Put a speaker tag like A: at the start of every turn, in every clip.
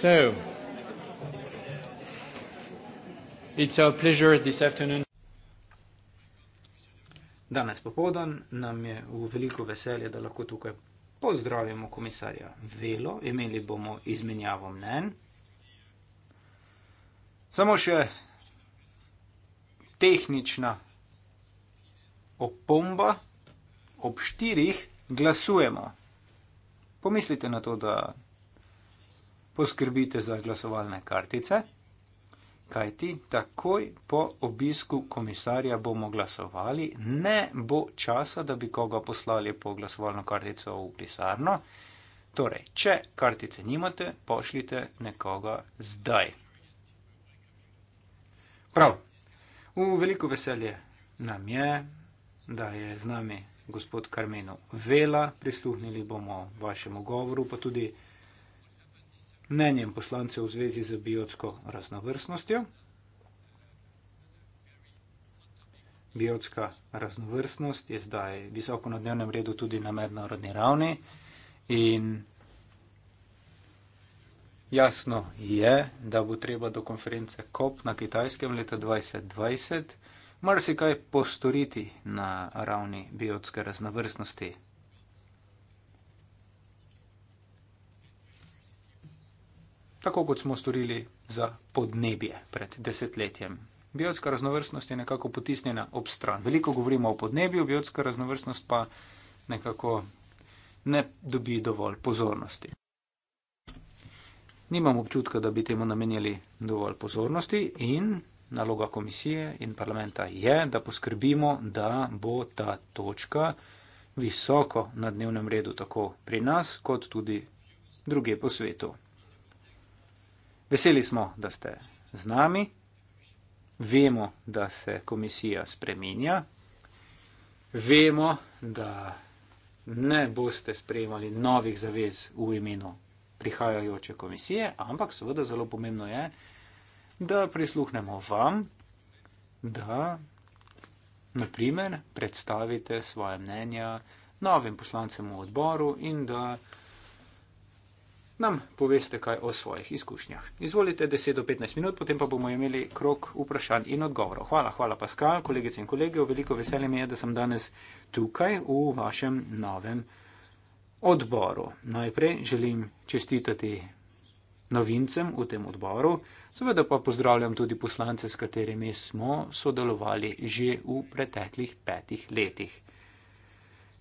A: So, it's our pleasure this afternoon.
B: Danes popoldan nam je v veliko veselje, da lahko tukaj pozdravimo komisarja Velo. Imeli bomo izmenjavo mnen. Samo še tehnična opomba. Ob štirih glasujemo. Pomislite na to, da poskrbite za glasovalne kartice, kajti takoj po obisku komisarja bomo glasovali, ne bo časa, da bi koga poslali po glasovalno kartico v pisarno. Torej, če kartice nimate, pošljite nekoga zdaj. Prav, v veliko veselje nam je, da je z nami gospod Karmenu Vela, prisluhnili bomo vašemu govoru, pa tudi mnenjem poslancev v zvezi z biotsko raznovrstnostjo. Biotska raznovrstnost je zdaj visoko na dnevnem redu tudi na mednarodni ravni in jasno je, da bo treba do konference COP na kitajskem leta 2020 marsikaj postoriti na ravni biotske raznovrstnosti. tako kot smo storili za podnebje pred desetletjem. Biotska raznovrstnost je nekako potisnjena ob stran. Veliko govorimo o podnebju, biotska raznovrstnost pa nekako ne dobi dovolj pozornosti. Nimam občutka, da bi temu namenjali dovolj pozornosti in naloga komisije in parlamenta je, da poskrbimo, da bo ta točka visoko na dnevnem redu tako pri nas, kot tudi druge po svetu. Veseli smo, da ste z nami. Vemo, da se komisija spreminja. Vemo, da ne boste sprejemali novih zavez v imenu prihajajoče komisije, ampak seveda zelo pomembno je, da prisluhnemo vam, da naprimer predstavite svoje mnenja novim poslancem v odboru in da nam poveste kaj o svojih izkušnjah. Izvolite 10 do 15 minut, potem pa bomo imeli krok vprašanj in odgovorov. Hvala, hvala Paskal, kolegice in kolege, veliko veselje mi je, da sem danes tukaj v vašem novem odboru. Najprej želim čestitati novincem v tem odboru, seveda pa pozdravljam tudi poslance, s katerimi smo sodelovali že v preteklih petih letih.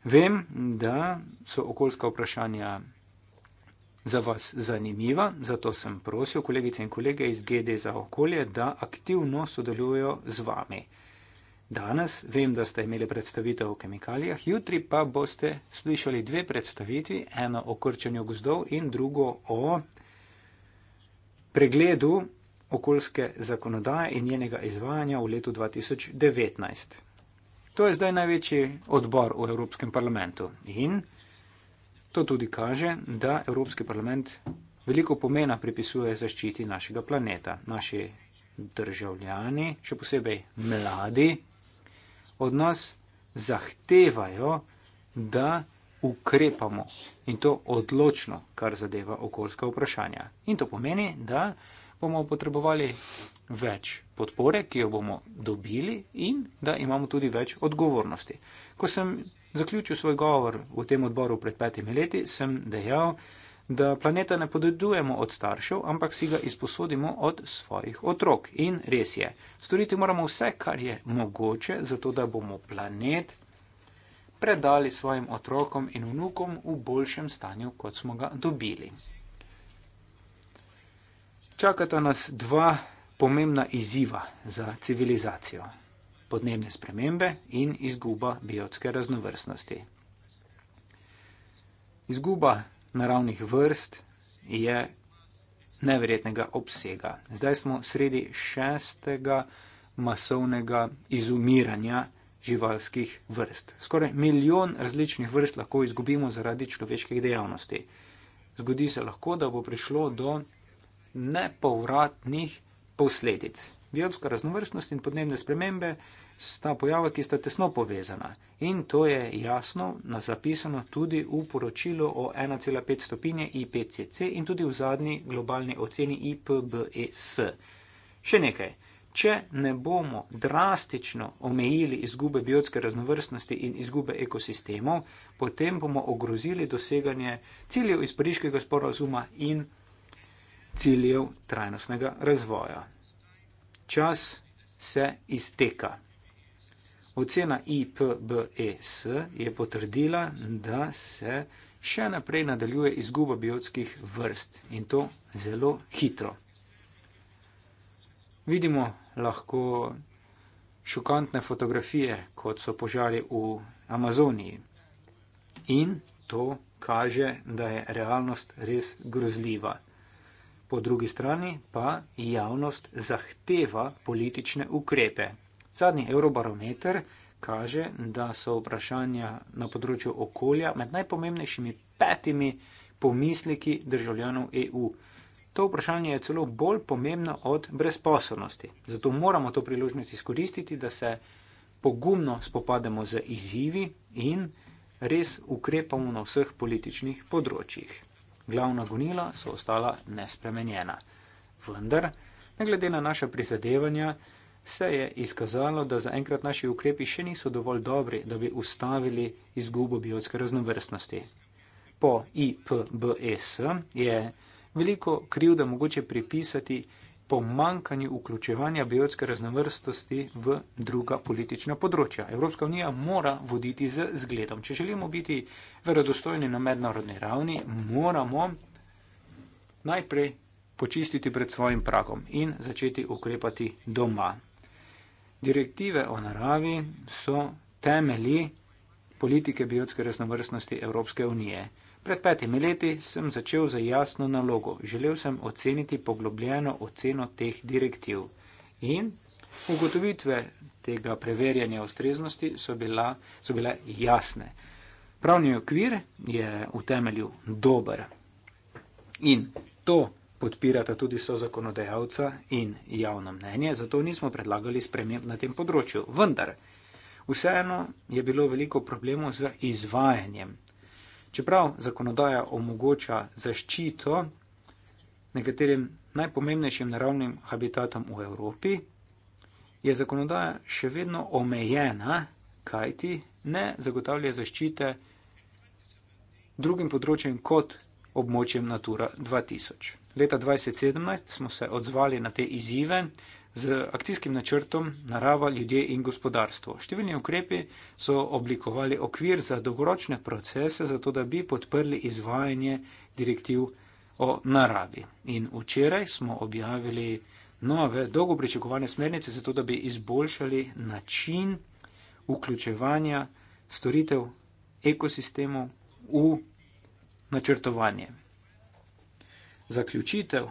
B: Vem, da so okoljska vprašanja za vas zanimiva, zato sem prosil kolegice in kolege iz GD za okolje, da aktivno sodelujo z vami. Danes vem, da ste imeli predstavitev o kemikalijah, jutri pa boste slišali dve predstavitvi, eno o krčenju gozdov in drugo o pregledu okoljske zakonodaje in njenega izvajanja v letu 2019. To je zdaj največji odbor v Evropskem parlamentu in To tudi kaže, da Evropski parlament veliko pomena pripisuje zaščiti našega planeta. Naši državljani, še posebej mladi, od nas zahtevajo, da ukrepamo in to odločno, kar zadeva okoljska vprašanja. In to pomeni, da bomo potrebovali več podpore, ki jo bomo dobili in da imamo tudi več odgovornosti. Ko sem zaključil svoj govor v tem odboru pred petimi leti, sem dejal, da planeta ne podedujemo od staršev, ampak si ga izposodimo od svojih otrok. In res je, storiti moramo vse, kar je mogoče, zato da bomo planet predali svojim otrokom in vnukom v boljšem stanju, kot smo ga dobili čakata nas dva pomembna izziva za civilizacijo: podnebne spremembe in izguba biotske raznovrstnosti. Izguba naravnih vrst je neverjetnega obsega. Zdaj smo sredi šestega masovnega izumiranja živalskih vrst. Skoraj milijon različnih vrst lahko izgubimo zaradi človeških dejavnosti. Zgodi se lahko, da bo prišlo do nepovratnih posledic. Biotska raznovrstnost in podnebne spremembe sta pojava, ki sta tesno povezana. In to je jasno zapisano tudi v poročilu o 1,5 stopinje IPCC in tudi v zadnji globalni oceni IPBES. Še nekaj. Če ne bomo drastično omejili izgube biotske raznovrstnosti in izgube ekosistemov, potem bomo ogrozili doseganje ciljev iz pariškega sporazuma in ciljev trajnostnega razvoja. Čas se izteka. Ocena IPBES je potrdila, da se še naprej nadaljuje izguba biotskih vrst in to zelo hitro. Vidimo lahko šokantne fotografije, kot so požari v Amazoniji. In to kaže, da je realnost res grozljiva. Po drugi strani pa javnost zahteva politične ukrepe. Zadnji eurobarometer kaže, da so vprašanja na področju okolja med najpomembnejšimi petimi pomisliki državljanov EU. To vprašanje je celo bolj pomembno od brezposobnosti. Zato moramo to priložnost izkoristiti, da se pogumno spopademo z izzivi in res ukrepamo na vseh političnih področjih glavna gonila so ostala nespremenjena. Vendar, ne glede na naše prizadevanja, se je izkazalo, da zaenkrat naši ukrepi še niso dovolj dobri, da bi ustavili izgubo biotske raznovrstnosti. Po IPBS e je veliko krivda mogoče pripisati pomankanju vključevanja biotske raznovrstnosti v druga politična področja. Evropska unija mora voditi z zgledom. Če želimo biti verodostojni na mednarodni ravni, moramo najprej počistiti pred svojim pragom in začeti ukrepati doma. Direktive o naravi so temelji politike biotske raznovrstnosti Evropske unije. Pred petimi leti sem začel z jasno nalogo. Želel sem oceniti poglobljeno oceno teh direktiv. In ugotovitve tega preverjanja ustreznosti so, bila, so bile jasne. Pravni okvir je v temelju dober. In to podpirata tudi so zakonodajalca in javno mnenje, zato nismo predlagali sprememb na tem področju. Vendar, vseeno je bilo veliko problemov z izvajanjem. Čeprav zakonodaja omogoča zaščito nekaterim najpomembnejšim naravnim habitatom v Evropi, je zakonodaja še vedno omejena, kajti ne zagotavlja zaščite drugim področjem kot območjem Natura 2000. Leta 2017 smo se odzvali na te izzive z akcijskim načrtom Narava, ljudje in gospodarstvo. Številni ukrepi so oblikovali okvir za dolgoročne procese, zato da bi podprli izvajanje direktiv o naravi. In včeraj smo objavili nove, dolgo pričakovane smernice, zato da bi izboljšali način vključevanja storitev ekosistemov v načrtovanje. Zaključitev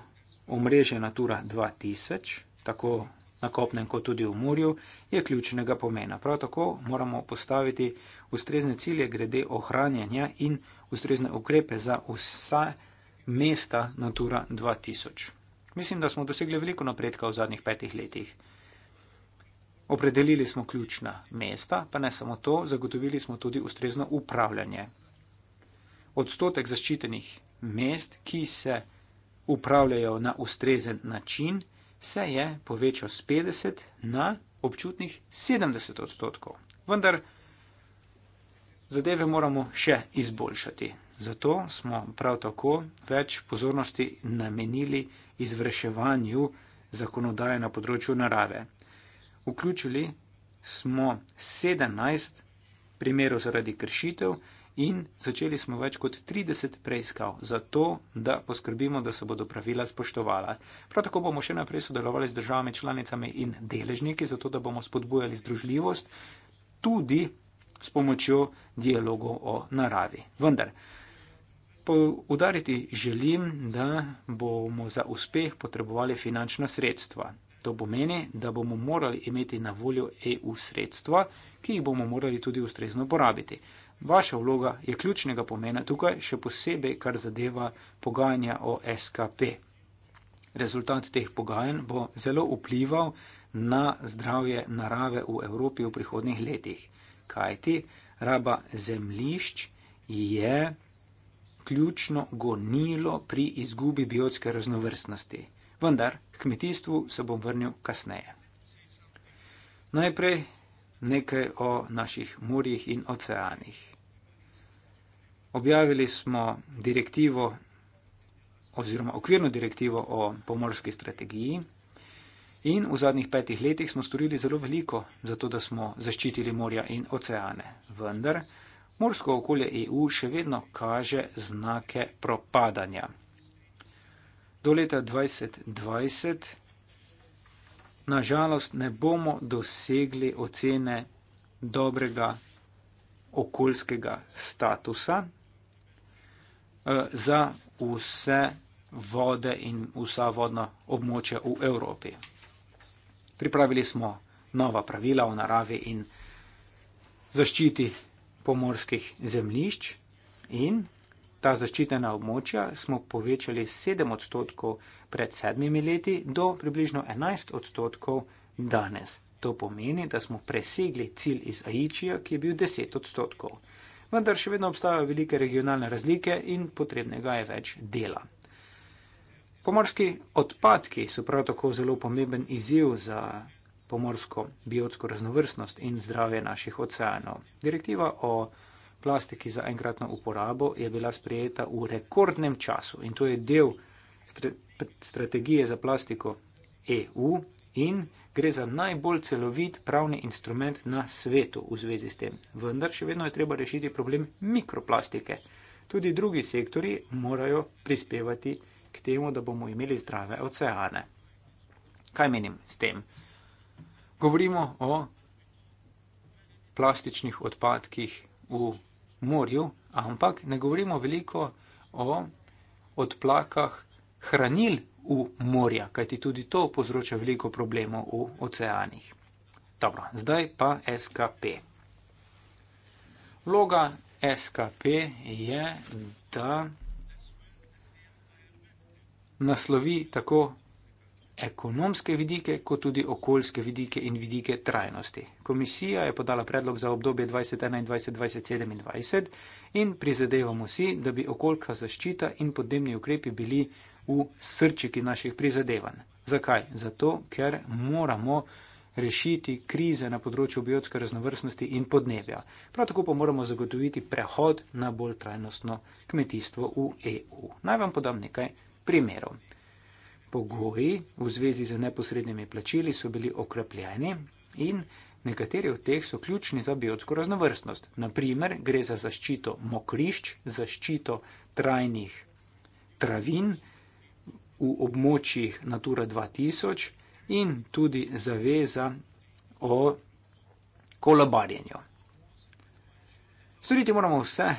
B: omrežja Natura 2000 tako na kopnem, kot tudi v morju, je ključnega pomena. Prav tako moramo postaviti ustrezne cilje glede ohranjanja in ustrezne ukrepe za vsa mesta Natura 2000. Mislim, da smo dosegli veliko napredka v zadnjih petih letih. Opredelili smo ključna mesta, pa ne samo to, zagotovili smo tudi ustrezno upravljanje. Odstotek zaščitenih mest, ki se upravljajo na ustrezen način, se je povečal z 50 na občutnih 70 odstotkov. Vendar zadeve moramo še izboljšati. Zato smo prav tako več pozornosti namenili izvrševanju zakonodaje na področju narave. Vključili smo 17 primerov zaradi kršitev, in začeli smo več kot 30 preiskav, zato da poskrbimo, da se bodo pravila spoštovala. Prav tako bomo še naprej sodelovali z državami, članicami in deležniki, zato da bomo spodbujali združljivost tudi s pomočjo dialogov o naravi. Vendar, poudariti želim, da bomo za uspeh potrebovali finančna sredstva. To pomeni, da bomo morali imeti na voljo EU sredstva, ki jih bomo morali tudi ustrezno porabiti. Vaša vloga je ključnega pomena tukaj, še posebej, kar zadeva pogajanja o SKP. Rezultat teh pogajanj bo zelo vplival na zdravje narave v Evropi v prihodnih letih, kajti raba zemlišč je ključno gonilo pri izgubi biotske raznovrstnosti. Vendar k kmetijstvu se bom vrnil kasneje. Najprej nekaj o naših morjih in oceanih. Objavili smo direktivo oziroma okvirno direktivo o pomorski strategiji in v zadnjih petih letih smo storili zelo veliko za to, da smo zaščitili morja in oceane. Vendar morsko okolje EU še vedno kaže znake propadanja. Do leta 2020 nažalost ne bomo dosegli ocene dobrega okoljskega statusa eh, za vse vode in vsa vodna območja v Evropi. Pripravili smo nova pravila o naravi in zaščiti pomorskih zemljišč in ta zaščitena območja smo povečali 7 odstotkov pred sedmimi leti do približno 11 odstotkov danes. To pomeni, da smo presegli cilj iz Aičija, ki je bil 10 odstotkov. Vendar še vedno obstajajo velike regionalne razlike in potrebnega je več dela. Pomorski odpadki so prav tako zelo pomemben izziv za pomorsko biotsko raznovrstnost in zdravje naših oceanov. Direktiva o plastiki za enkratno uporabo je bila sprejeta v rekordnem času in to je del stre, strategije za plastiko EU in gre za najbolj celovit pravni instrument na svetu v zvezi s tem. Vendar še vedno je treba rešiti problem mikroplastike. Tudi drugi sektori morajo prispevati k temu, da bomo imeli zdrave oceane. Kaj menim s tem? Govorimo o plastičnih odpadkih v morju, ampak ne govorimo veliko o odplakah hranil v morja, kajti tudi to povzroča veliko problemov v oceanih. Dobro, zdaj pa SKP. Vloga SKP je, da naslovi tako ekonomske vidike, kot tudi okoljske vidike in vidike trajnosti. Komisija je podala predlog za obdobje 2021-2027 in prizadevamo si, da bi okoljska zaščita in podnebni ukrepi bili v srčiki naših prizadevanj. Zakaj? Zato, ker moramo rešiti krize na področju biotske raznovrstnosti in podnebja. Prav tako pa moramo zagotoviti prehod na bolj trajnostno kmetijstvo v EU. Naj vam podam nekaj primerov pogoji v zvezi z neposrednimi plačili so bili okrepljeni in nekateri od teh so ključni za biotsko raznovrstnost. Naprimer, gre za zaščito mokrišč, zaščito trajnih travin v območjih Natura 2000 in tudi zaveza o kolabarjenju. Storiti moramo vse,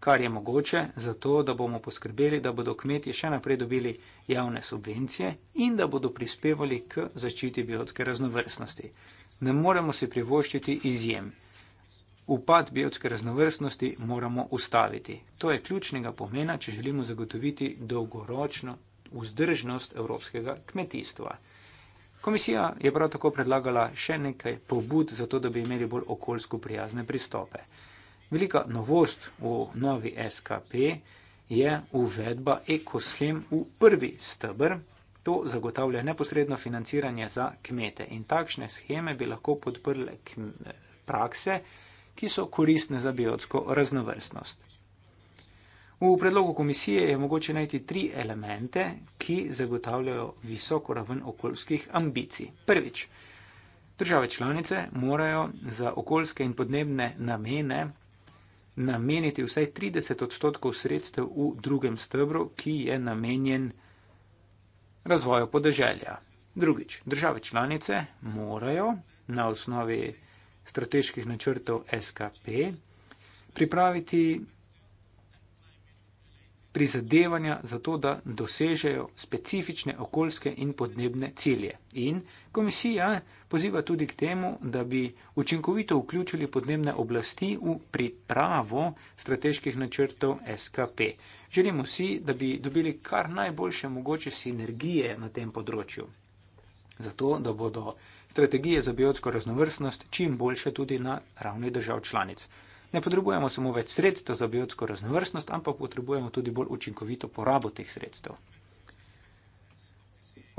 B: kar je mogoče, zato da bomo poskrbeli, da bodo kmetje še naprej dobili javne subvencije in da bodo prispevali k zaščiti biotske raznovrstnosti. Ne moremo si privoščiti izjem. Upad biotske raznovrstnosti moramo ustaviti. To je ključnega pomena, če želimo zagotoviti dolgoročno vzdržnost evropskega kmetijstva. Komisija je prav tako predlagala še nekaj pobud za to, da bi imeli bolj okoljsko prijazne pristope. Velika novost v novi SKP je uvedba ekoshem v prvi stebr. To zagotavlja neposredno financiranje za kmete in takšne scheme bi lahko podprle prakse, ki so koristne za biotsko raznovrstnost. V predlogu komisije je mogoče najti tri elemente, ki zagotavljajo visoko raven okoljskih ambicij. Prvič, države članice morajo za okoljske in podnebne namene nameniti vsaj 30 odstotkov sredstev v drugem stebru, ki je namenjen razvoju podeželja. Drugič, države članice morajo na osnovi strateških načrtov SKP pripraviti prizadevanja za to, da dosežejo specifične okoljske in podnebne cilje. In komisija poziva tudi k temu, da bi učinkovito vključili podnebne oblasti v pripravo strateških načrtov SKP. Želimo si, da bi dobili kar najboljše mogoče sinergije na tem področju. Zato, da bodo strategije za biotsko raznovrstnost čim boljše tudi na ravni držav članic. Ne potrebujemo samo več sredstev za biotsko raznovrstnost, ampak potrebujemo tudi bolj učinkovito porabo teh sredstev.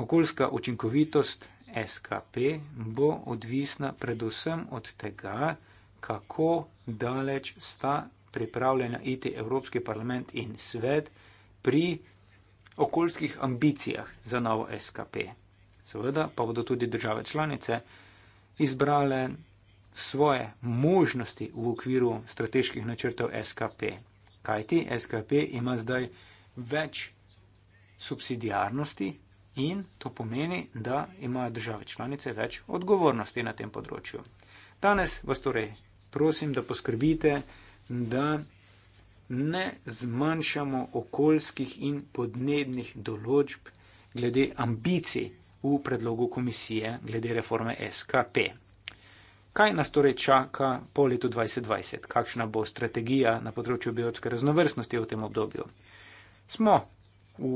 B: Okoljska učinkovitost SKP bo odvisna predvsem od tega, kako daleč sta pripravljena iti Evropski parlament in svet pri okoljskih ambicijah za novo SKP. Seveda pa bodo tudi države članice izbrale svoje možnosti v okviru strateških načrtov SKP. Kajti SKP ima zdaj več subsidijarnosti in to pomeni, da imajo države članice več odgovornosti na tem področju. Danes vas torej prosim, da poskrbite, da ne zmanjšamo okoljskih in podnebnih določb glede ambicij v predlogu komisije glede reforme SKP. Kaj nas torej čaka po letu 2020? Kakšna bo strategija na področju biotske raznovrstnosti v tem obdobju? Smo v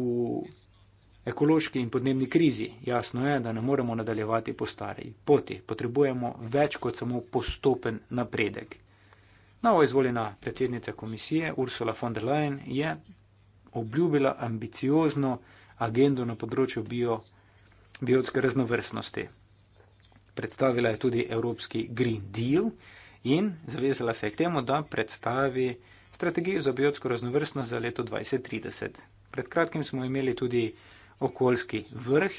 B: ekološki in podnebni krizi. Jasno je, da ne moremo nadaljevati po starej poti. Potrebujemo več kot samo postopen napredek. Novo izvoljena predsednica komisije Ursula von der Leyen je obljubila ambiciozno agendo na področju bio, biotske raznovrstnosti predstavila je tudi Evropski Green Deal in zavezala se je k temu, da predstavi strategijo za biotsko raznovrstnost za leto 2030. Pred kratkim smo imeli tudi okoljski vrh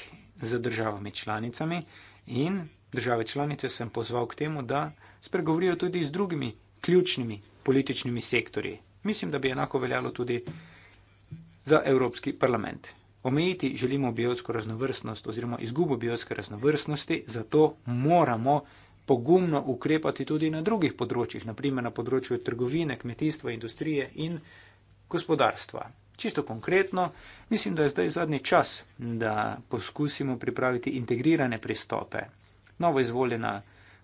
B: z državami članicami in države članice sem pozval k temu, da spregovorijo tudi z drugimi ključnimi političnimi sektorji. Mislim, da bi enako veljalo tudi za Evropski parlament omejiti želimo biotsko raznovrstnost oziroma izgubo biotske raznovrstnosti, zato moramo pogumno ukrepati tudi na drugih področjih, naprimer na področju trgovine, kmetijstva, industrije in gospodarstva. Čisto konkretno, mislim, da je zdaj zadnji čas, da poskusimo pripraviti integrirane pristope. Novo izvoljena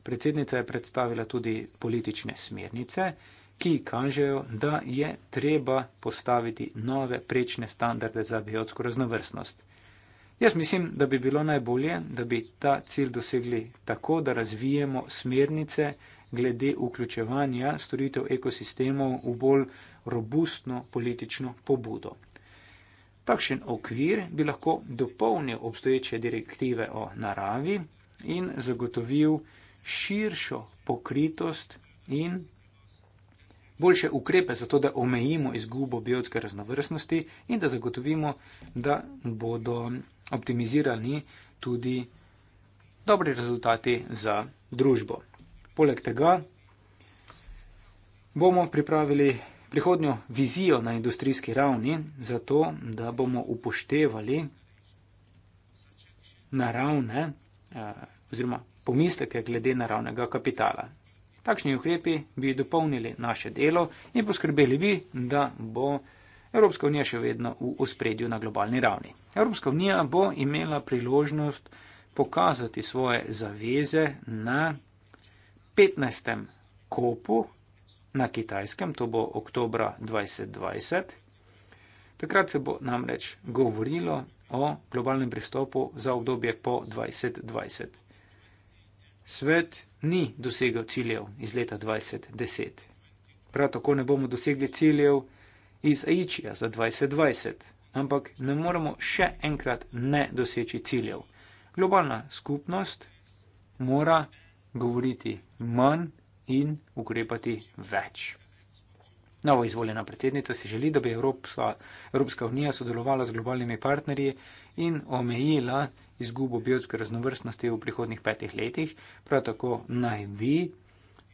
B: predsednica je predstavila tudi politične smernice, ki kažejo, da je treba postaviti nove prečne standarde za biotsko raznovrstnost. Jaz mislim, da bi bilo najbolje, da bi ta cilj dosegli tako, da razvijemo smernice glede vključevanja storitev ekosistemov v bolj robustno politično pobudo. Takšen okvir bi lahko dopolnil obstoječe direktive o naravi in zagotovil širšo pokritost in boljše ukrepe za to, da omejimo izgubo biotske raznovrstnosti in da zagotovimo, da bodo optimizirani tudi dobri rezultati za družbo. Poleg tega bomo pripravili prihodnjo vizijo na industrijski ravni, zato da bomo upoštevali naravne eh, oziroma pomisleke glede naravnega kapitala. Takšni ukrepi bi dopolnili naše delo in poskrbeli bi, da bo Evropska unija še vedno v ospredju na globalni ravni. Evropska unija bo imela priložnost pokazati svoje zaveze na 15. kopu na kitajskem, to bo oktobra 2020. Takrat se bo namreč govorilo o globalnem pristopu za obdobje po 2020. Svet ni dosegel ciljev iz leta 2010. Prav tako ne bomo dosegli ciljev iz Aičija za 2020, ampak ne moremo še enkrat ne doseči ciljev. Globalna skupnost mora govoriti manj in ukrepati več. Novo izvoljena predsednica si želi, da bi Evropska, Evropska unija sodelovala z globalnimi partnerji in omejila izgubo biotske raznovrstnosti v prihodnih petih letih. Prav tako naj bi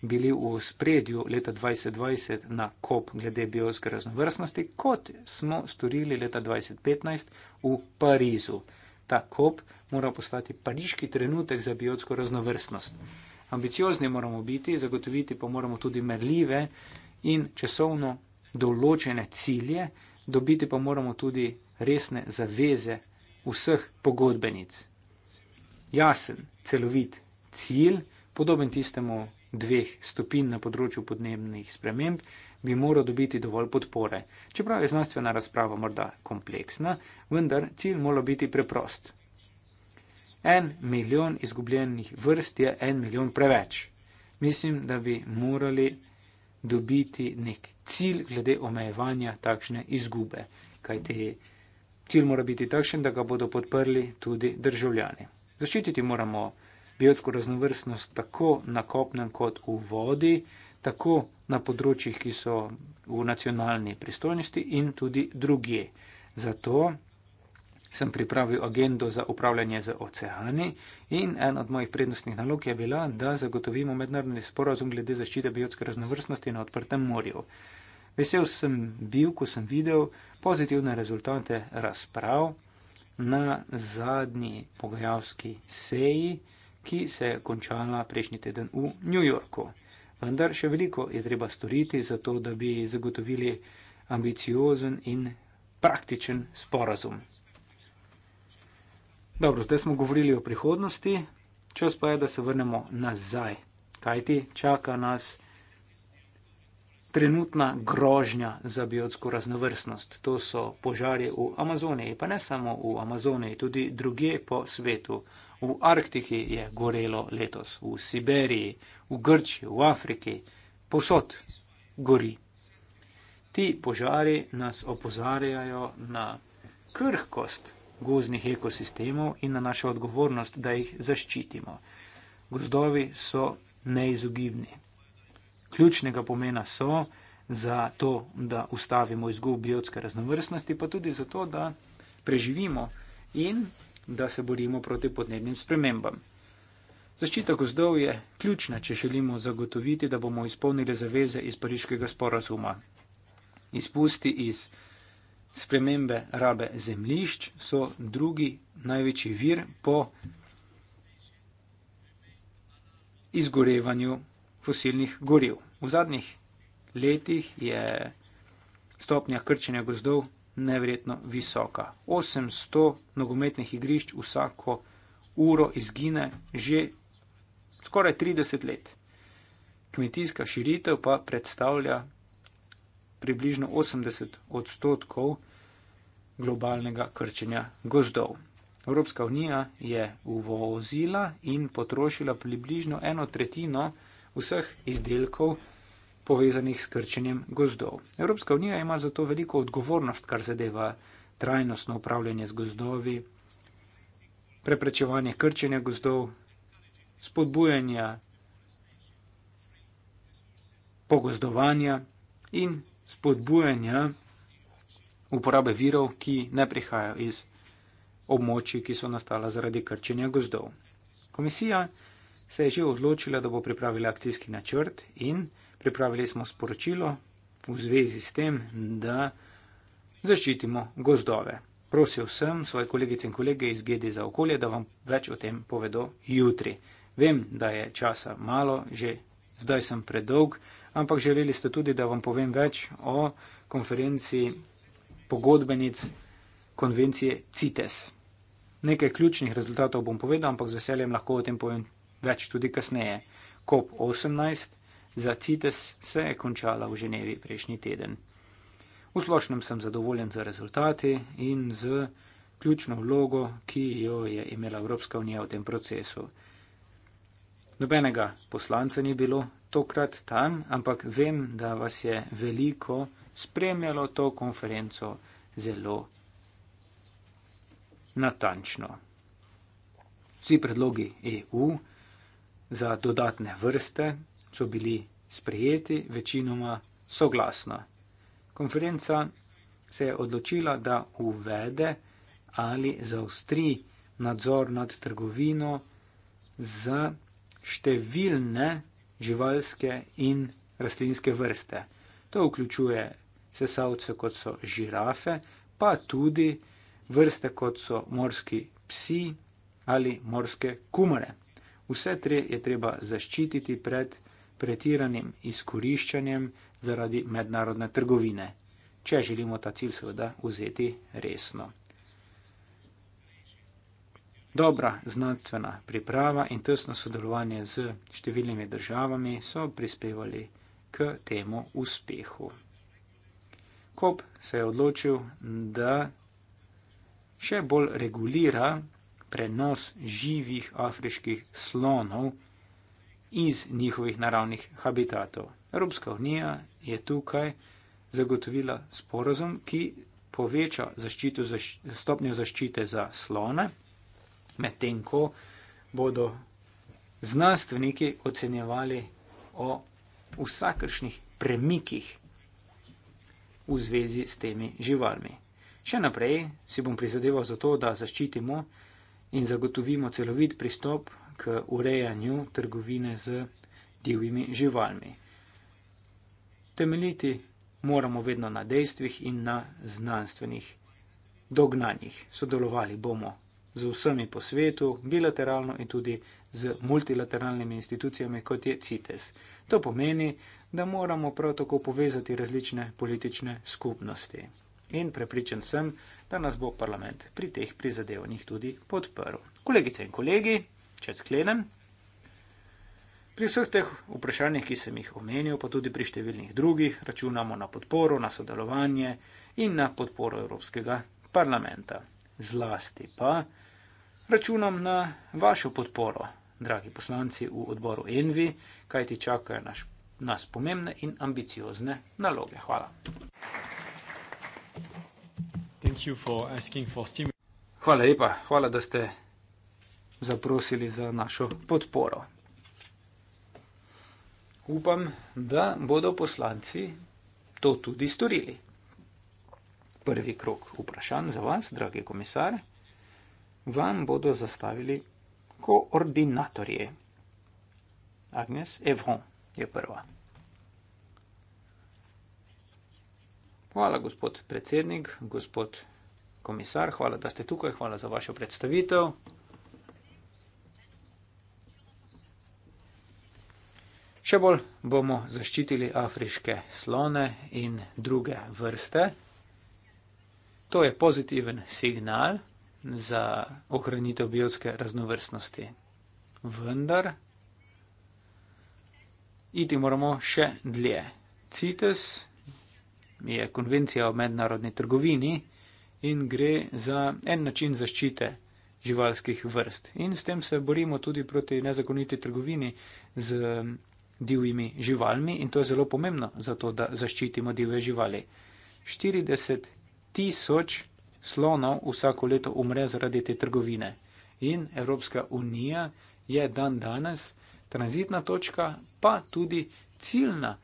B: bili v spredju leta 2020 na kop glede biotske raznovrstnosti, kot smo storili leta 2015 v Parizu. Ta kop mora postati pariški trenutek za biotsko raznovrstnost. Ambiciozni moramo biti, zagotoviti pa moramo tudi merljive in časovno določene cilje, dobiti pa moramo tudi resne zaveze vseh pogodbenic. Jasen, celovit cilj, podoben tistemu dveh stopin na področju podnebnih sprememb, bi moral dobiti dovolj podpore. Čeprav je znanstvena razprava morda kompleksna, vendar cilj mora biti preprost. En milijon izgubljenih vrst je en milijon preveč. Mislim, da bi morali dobiti nek cilj glede omejevanja takšne izgube. Kaj te cilj mora biti takšen, da ga bodo podprli tudi državljani. Zaščititi moramo biotsko raznovrstnost tako na kopnem kot v vodi, tako na področjih, ki so v nacionalni pristojnosti in tudi druge. Zato sem pripravil agendo za upravljanje z oceani in en od mojih prednostnih nalog je bila, da zagotovimo mednarodni sporazum glede zaščite biotske raznovrstnosti na odprtem morju. Vesel sem bil, ko sem videl pozitivne rezultate razprav na zadnji pogajalski seji, ki se je končala prejšnji teden v New Yorku. Vendar še veliko je treba storiti za to, da bi zagotovili ambiciozen in praktičen sporazum. Dobro, zdaj smo govorili o prihodnosti, čas pa je, da se vrnemo nazaj. Kaj ti čaka nas trenutna grožnja za biotsko raznovrstnost? To so požarje v Amazoniji, pa ne samo v Amazoniji, tudi druge po svetu. V Arktiki je gorelo letos, v Siberiji, v Grči, v Afriki, posod gori. Ti požari nas opozarjajo na krhkost gozdnih ekosistemov in na našo odgovornost, da jih zaščitimo. Gozdovi so neizogibni. Ključnega pomena so za to, da ustavimo izgub biotske raznovrstnosti, pa tudi za to, da preživimo in da se borimo proti podnebnim spremembam. Zaščita gozdov je ključna, če želimo zagotoviti, da bomo izpolnili zaveze iz pariškega sporazuma. Izpusti iz spremembe rabe zemljišč so drugi največji vir po izgorevanju fosilnih goriv. V zadnjih letih je stopnja krčenja gozdov nevredno visoka. 800 nogometnih igrišč vsako uro izgine že skoraj 30 let. Kmetijska širitev pa predstavlja približno 80 odstotkov globalnega krčenja gozdov. Evropska unija je uvozila in potrošila približno eno tretjino vseh izdelkov povezanih s krčenjem gozdov. Evropska unija ima zato veliko odgovornost, kar zadeva trajnostno upravljanje z gozdovi, preprečevanje krčenja gozdov, spodbujanja pogozdovanja in spodbujanja uporabe virov, ki ne prihajajo iz območij, ki so nastala zaradi krčenja gozdov. Komisija se je že odločila, da bo pripravila akcijski načrt in pripravili smo sporočilo v zvezi s tem, da zaščitimo gozdove. Prosil sem svoje kolegice in kolege iz GD za okolje, da vam več o tem povedo jutri. Vem, da je časa malo, že zdaj sem predolg ampak želeli ste tudi, da vam povem več o konferenci pogodbenic konvencije CITES. Nekaj ključnih rezultatov bom povedal, ampak z veseljem lahko o tem povem več tudi kasneje. COP18 za CITES se je končala v Ženevi prejšnji teden. V splošnem sem zadovoljen z rezultati in z ključno vlogo, ki jo je imela Evropska unija v tem procesu. Nobenega poslanca ni bilo tokrat tam, ampak vem, da vas je veliko spremljalo to konferenco zelo natančno. Vsi predlogi EU za dodatne vrste so bili sprejeti večinoma soglasno. Konferenca se je odločila, da uvede ali zaustri nadzor nad trgovino za številne živalske in rastlinske vrste. To vključuje sesalce, kot so žirafe, pa tudi vrste, kot so morski psi ali morske kumare. Vse tri je treba zaščititi pred pretiranim izkoriščanjem zaradi mednarodne trgovine, če želimo ta cilj seveda vzeti resno. Dobra znanstvena priprava in tesno sodelovanje z številnimi državami so prispevali k temu uspehu. Kop se je odločil, da še bolj regulira prenos živih afriških slonov iz njihovih naravnih habitatov. Evropska unija je tukaj zagotovila sporozum, ki poveča zaščito, zaš, stopnjo zaščite za slone medtem ko bodo znanstveniki ocenjevali o vsakršnih premikih v zvezi s temi živalmi. Še naprej si bom prizadeval za to, da zaščitimo in zagotovimo celovit pristop k urejanju trgovine z divjimi živalmi. Temeljiti moramo vedno na dejstvih in na znanstvenih dognanjih. Sodelovali bomo z vsemi po svetu, bilateralno in tudi z multilateralnimi institucijami, kot je CITES. To pomeni, da moramo prav tako povezati različne politične skupnosti. In prepričan sem, da nas bo parlament pri teh prizadevanjih tudi podprl. Kolegice in kolegi, če sklenem, pri vseh teh vprašanjih, ki sem jih omenil, pa tudi pri številnih drugih, računamo na podporo, na sodelovanje in na podporo Evropskega parlamenta. Zlasti pa, Računam na vašo podporo, dragi poslanci v odboru Envi, kaj ti čakajo naš, nas pomembne in ambiciozne naloge. Hvala. Hvala lepa, hvala, da ste zaprosili za našo podporo. Upam, da bodo poslanci to tudi storili. Prvi krok vprašanj za vas, dragi komisar, vam bodo zastavili koordinatorje. Agnes Evron je prva. Hvala, gospod predsednik, gospod komisar, hvala, da ste tukaj, hvala za vašo predstavitev. Še bolj bomo zaščitili afriške slone in druge vrste. To je pozitiven signal za ohranitev biotske raznovrstnosti. Vendar iti moramo še dlje. CITES je konvencija o mednarodni trgovini in gre za en način zaščite živalskih vrst. In s tem se borimo tudi proti nezakoniti trgovini z divjimi živalmi in to je zelo pomembno za to, da zaščitimo divje živali. 40 tisoč slonov vsako leto umre zaradi te trgovine. In Evropska unija je dan danes tranzitna točka, pa tudi ciljna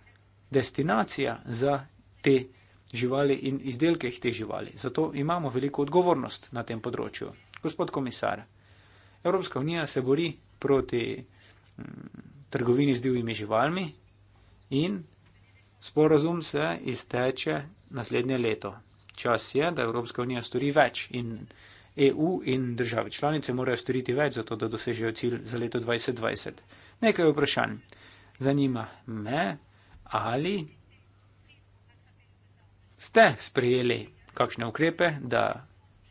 B: destinacija za te živali in izdelke teh živali. Zato imamo veliko odgovornost na tem področju. Gospod komisar, Evropska unija se bori proti mm, trgovini z divjimi živalmi in sporazum se izteče naslednje leto čas je, da Evropska unija stori več in EU in države članice morajo storiti več za to, da dosežejo cilj za leto 2020. Nekaj vprašanj. Zanima me, ali ste sprejeli kakšne ukrepe, da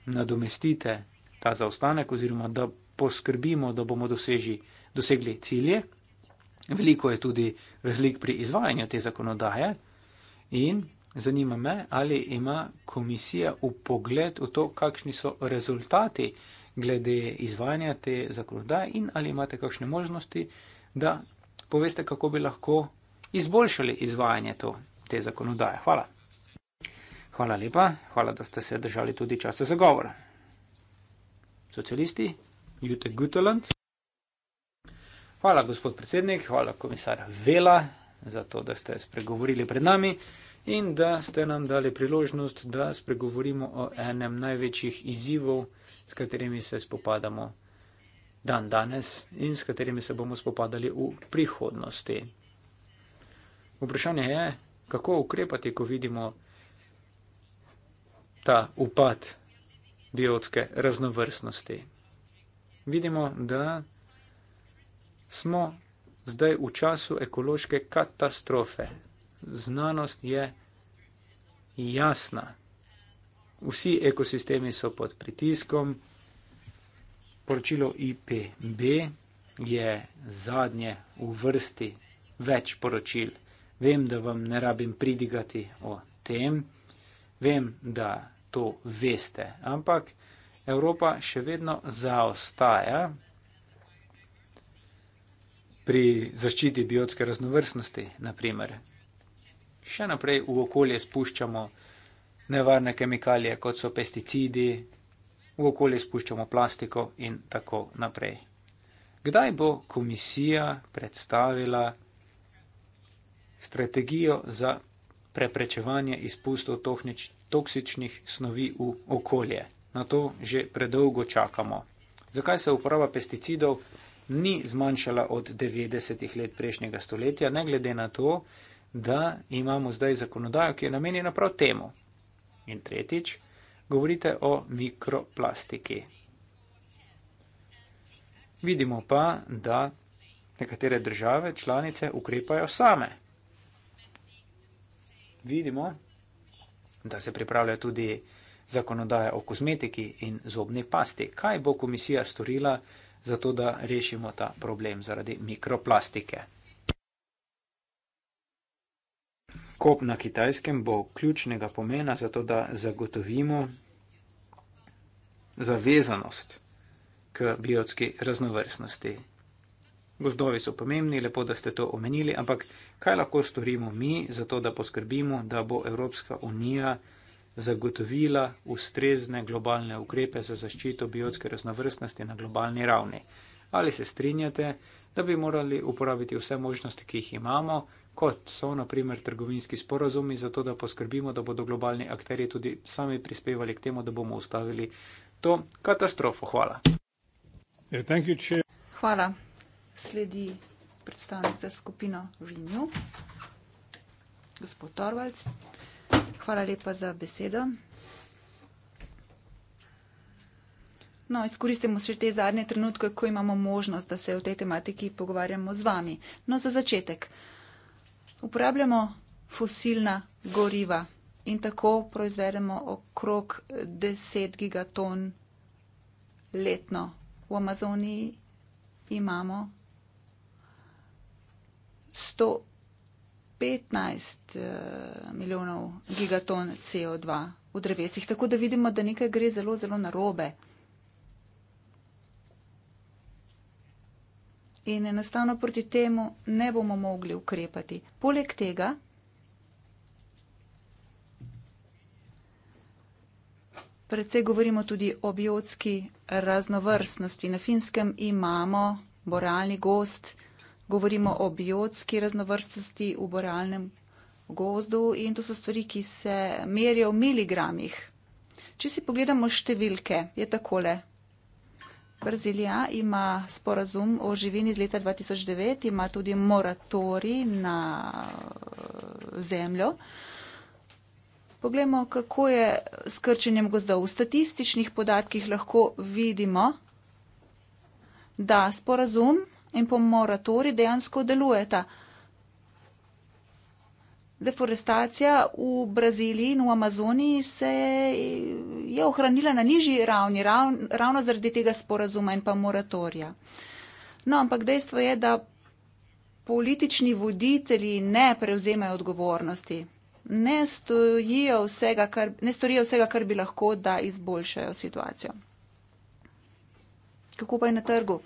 B: nadomestite ta zaostanek oziroma da poskrbimo, da bomo doseži, dosegli cilje. Veliko je tudi razlik pri izvajanju te zakonodaje in Zanima me, ali ima komisija v pogled v to, kakšni so rezultati glede izvajanja te zakonodaje in ali imate kakšne možnosti, da poveste, kako bi lahko izboljšali izvajanje to, te zakonodaje. Hvala. Hvala lepa, hvala, da ste se držali tudi časa za govor. Socialisti, Jute Guteland. Hvala, gospod predsednik, hvala, komisar Vela, za to, da ste spregovorili pred nami in da ste nam dali priložnost, da spregovorimo o enem največjih izzivov, s katerimi se spopadamo dan danes in s katerimi se bomo spopadali v prihodnosti. Vprašanje je, kako ukrepati, ko vidimo ta upad biotske raznovrstnosti. Vidimo, da smo zdaj v času ekološke katastrofe znanost je jasna. Vsi ekosistemi so pod pritiskom. Poročilo IPB je zadnje v vrsti več poročil. Vem, da vam ne rabim pridigati o tem, vem, da to veste, ampak Evropa še vedno zaostaja pri zaščiti biotske raznovrstnosti, naprimer še naprej v okolje spuščamo nevarne kemikalije, kot so pesticidi, v okolje spuščamo plastiko in tako naprej. Kdaj bo komisija predstavila strategijo za preprečevanje izpustov tohnič, toksičnih snovi v okolje? Na to že predolgo čakamo. Zakaj se uporaba pesticidov ni zmanjšala od 90-ih let prejšnjega stoletja, ne glede na to, da imamo zdaj zakonodajo, ki je namenjena prav temu. In tretjič, govorite o mikroplastiki. Vidimo pa, da nekatere države članice ukrepajo same. Vidimo, da se pripravlja tudi zakonodaja o kozmetiki in zobni pasti. Kaj bo komisija storila za to, da rešimo ta problem zaradi mikroplastike? COP na kitajskem bo ključnega pomena za to, da zagotovimo zavezanost k biotski raznovrstnosti. Gozdovi so pomembni, lepo, da ste to omenili, ampak kaj lahko storimo mi za to, da poskrbimo, da bo Evropska unija zagotovila ustrezne globalne ukrepe za zaščito biotske raznovrstnosti na globalni ravni? Ali se strinjate, da bi morali uporabiti vse možnosti, ki jih imamo, kot so naprimer trgovinski sporazumi, zato da poskrbimo, da bodo globalni akteri tudi sami prispevali k temu, da bomo ustavili to katastrofo. Hvala.
A: Ja,
C: Hvala. Sledi predstavnik za skupino Vinju, gospod Torvalds. Hvala lepa za besedo. No, izkoristimo še te zadnje trenutke, ko imamo možnost, da se o tej tematiki pogovarjamo z vami. No, za začetek uporabljamo fosilna goriva in tako proizvedemo okrog 10 gigaton letno. V Amazoniji imamo 115 eh, milijonov gigaton CO2 v drevesih, tako da vidimo, da nekaj gre zelo, zelo narobe. in enostavno proti temu ne bomo mogli ukrepati. Poleg tega predvsej govorimo tudi o biotski raznovrstnosti. Na finskem imamo boralni gost, govorimo o biotski raznovrstnosti v boralnem gozdu in to so stvari, ki se merijo v miligramih. Če si pogledamo številke, je takole. Brazilija ima sporazum o živini iz leta 2009, ima tudi moratori na eh, zemljo. Poglejmo, kako je s krčenjem gozdov. V statističnih podatkih lahko vidimo, da sporazum in pomoratori dejansko delujeta deforestacija v Braziliji in v Amazoniji se je ohranila na nižji ravni, rav, ravno zaradi tega sporazuma in pa moratorija. No, ampak dejstvo je, da politični voditelji ne prevzemajo odgovornosti, ne storijo vsega, kar, ne storijo vsega, kar bi lahko, da izboljšajo situacijo. Kako pa je na trgu?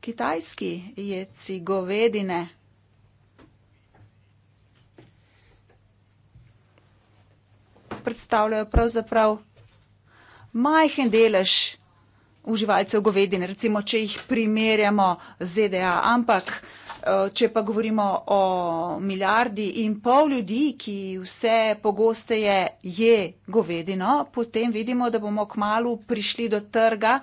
C: Kitajski jedci govedine. predstavljajo pravzaprav majhen delež uživalcev govedine, recimo, če jih primerjamo z ZDA, ampak eh, če pa govorimo o milijardi in pol ljudi, ki vse pogosteje je govedino, potem vidimo, da bomo k malu prišli do trga,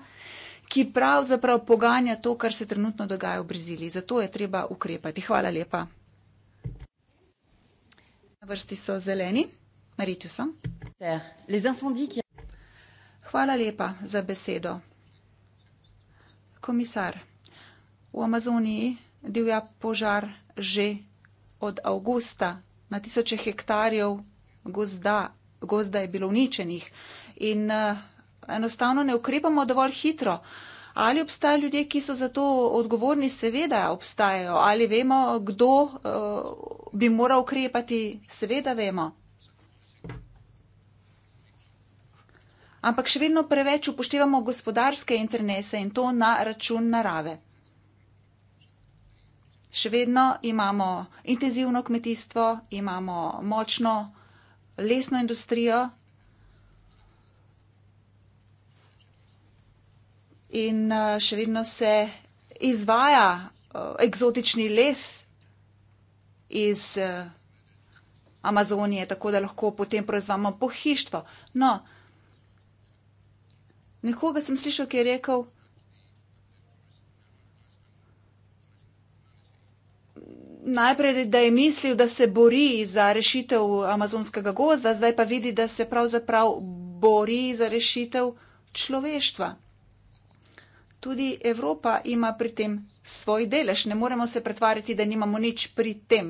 C: ki pravzaprav poganja to, kar se trenutno dogaja v Braziliji. Zato je treba ukrepati. Hvala lepa. Na vrsti so zeleni. Mariču sem. Hvala lepa za besedo. Komisar, v Amazoniji divja požar že od avgusta na tisoče hektarjev gozda, gozda je bilo uničenih in eh, enostavno ne ukrepamo dovolj hitro. Ali obstajajo ljudje, ki so za to odgovorni, seveda obstajajo. Ali vemo, kdo uh, bi moral ukrepati, seveda vemo. ampak še vedno preveč upoštevamo gospodarske interese in to na račun narave. Še vedno imamo intenzivno kmetijstvo, imamo močno lesno industrijo in eh, še vedno se izvaja eh, eksotični les iz eh, Amazonije, tako da lahko potem proizvamo pohištvo. No, Nekoga sem slišal, ki je rekel, najprej, da je mislil, da se bori za rešitev amazonskega gozda, zdaj pa vidi, da se pravzaprav bori za rešitev človeštva. Tudi Evropa ima pri tem svoj delež. Ne moremo se pretvarjati, da nimamo nič pri tem.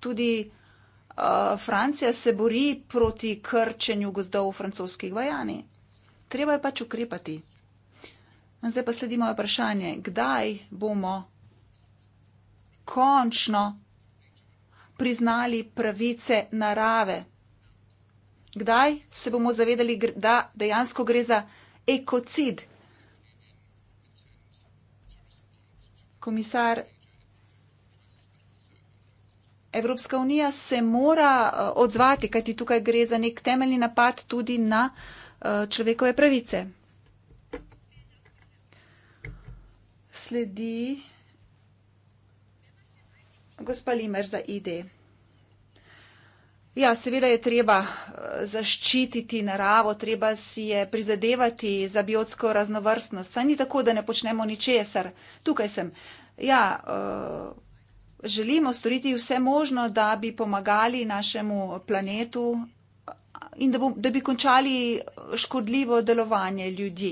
C: Tudi uh, Francija se bori proti krčenju gozdov v francoskih vajanih treba je pač ukrepati. In zdaj pa sledimo vprašanje, kdaj bomo končno priznali pravice narave. Kdaj se bomo zavedali, da dejansko gre za ekocid? Komisar, Evropska unija se mora eh, odzvati, kajti tukaj gre za nek temeljni napad tudi na uh, Eh, človekove pravice. Sledi gospa Limer za ID. Ja, seveda je treba eh, zaščititi naravo, treba si je prizadevati za biotsko raznovrstnost. Saj ni tako, da ne počnemo ničesar. Tukaj sem. Ja, eh, želimo storiti vse možno, da bi pomagali našemu planetu in da, bom, da bi končali eh, škodljivo delovanje ljudi.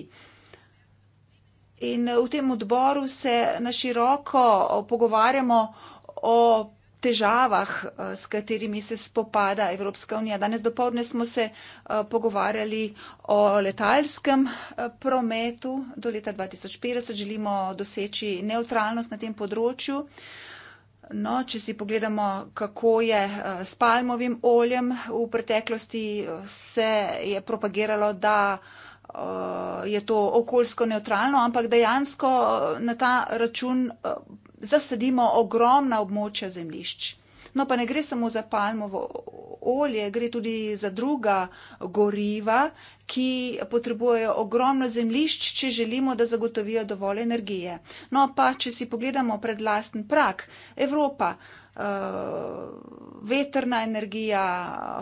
C: In eh, v tem odboru se na široko eh, pogovarjamo o težavah, s katerimi se spopada Evropska unija. Danes dopovdne smo se pogovarjali o letalskem prometu. Do leta 2050 želimo doseči neutralnost na tem področju. No, če si pogledamo, kako je eh, s palmovim oljem v preteklosti, eh, se je propagiralo, da eh, je to okoljsko neutralno, ampak dejansko na ta račun zasadimo ogromna območja zemlišč. No, pa ne gre samo za palmovo olje, gre tudi za druga goriva, ki potrebujejo ogromno zemlišč, če želimo, da zagotovijo dovolj energije. No, pa če si pogledamo pred lasten prak, Evropa. Uh, eh, veterna energija,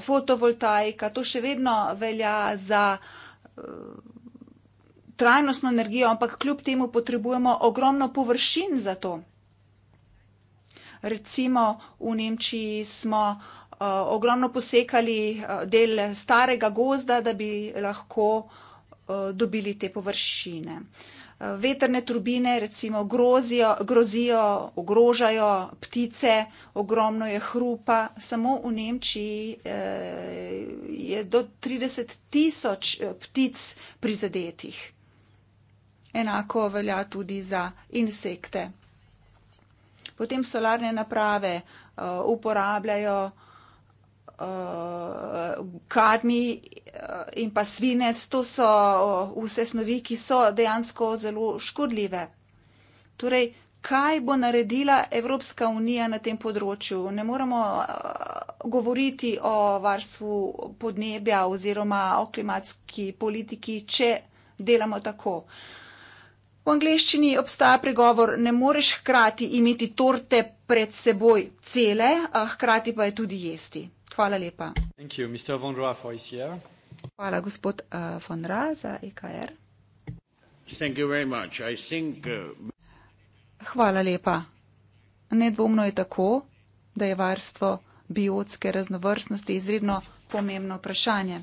C: fotovoltaika, to še vedno velja za uh, trajnostno energijo, ampak kljub temu potrebujemo ogromno površin za to recimo v Nemčiji smo uh, ogromno posekali uh, del starega gozda, da bi lahko uh, dobili te površine. Uh, veterne turbine recimo grozijo, grozijo, ogrožajo ptice, ogromno je hrupa. Samo v Nemčiji uh, je do 30 tisoč ptic prizadetih. Enako velja tudi za insekte. Potem solarne naprave uh, uporabljajo uh, kadmi uh, in pa svinec. To so uh, vse snovi, ki so dejansko zelo škodljive. Torej, kaj bo naredila Evropska unija na tem področju? Ne moramo uh, govoriti o varstvu podnebja oziroma o klimatski politiki, če delamo tako. Uh, V angleščini obstaja pregovor, ne moreš hkrati imeti torte pred seboj cele, a hkrati pa je tudi jesti. Hvala lepa.
A: You, von
C: Hvala, gospod uh, von Ra za EKR.
A: Think, uh...
C: Hvala lepa. Nedvomno je tako, da je varstvo biotske raznovrstnosti izredno pomembno vprašanje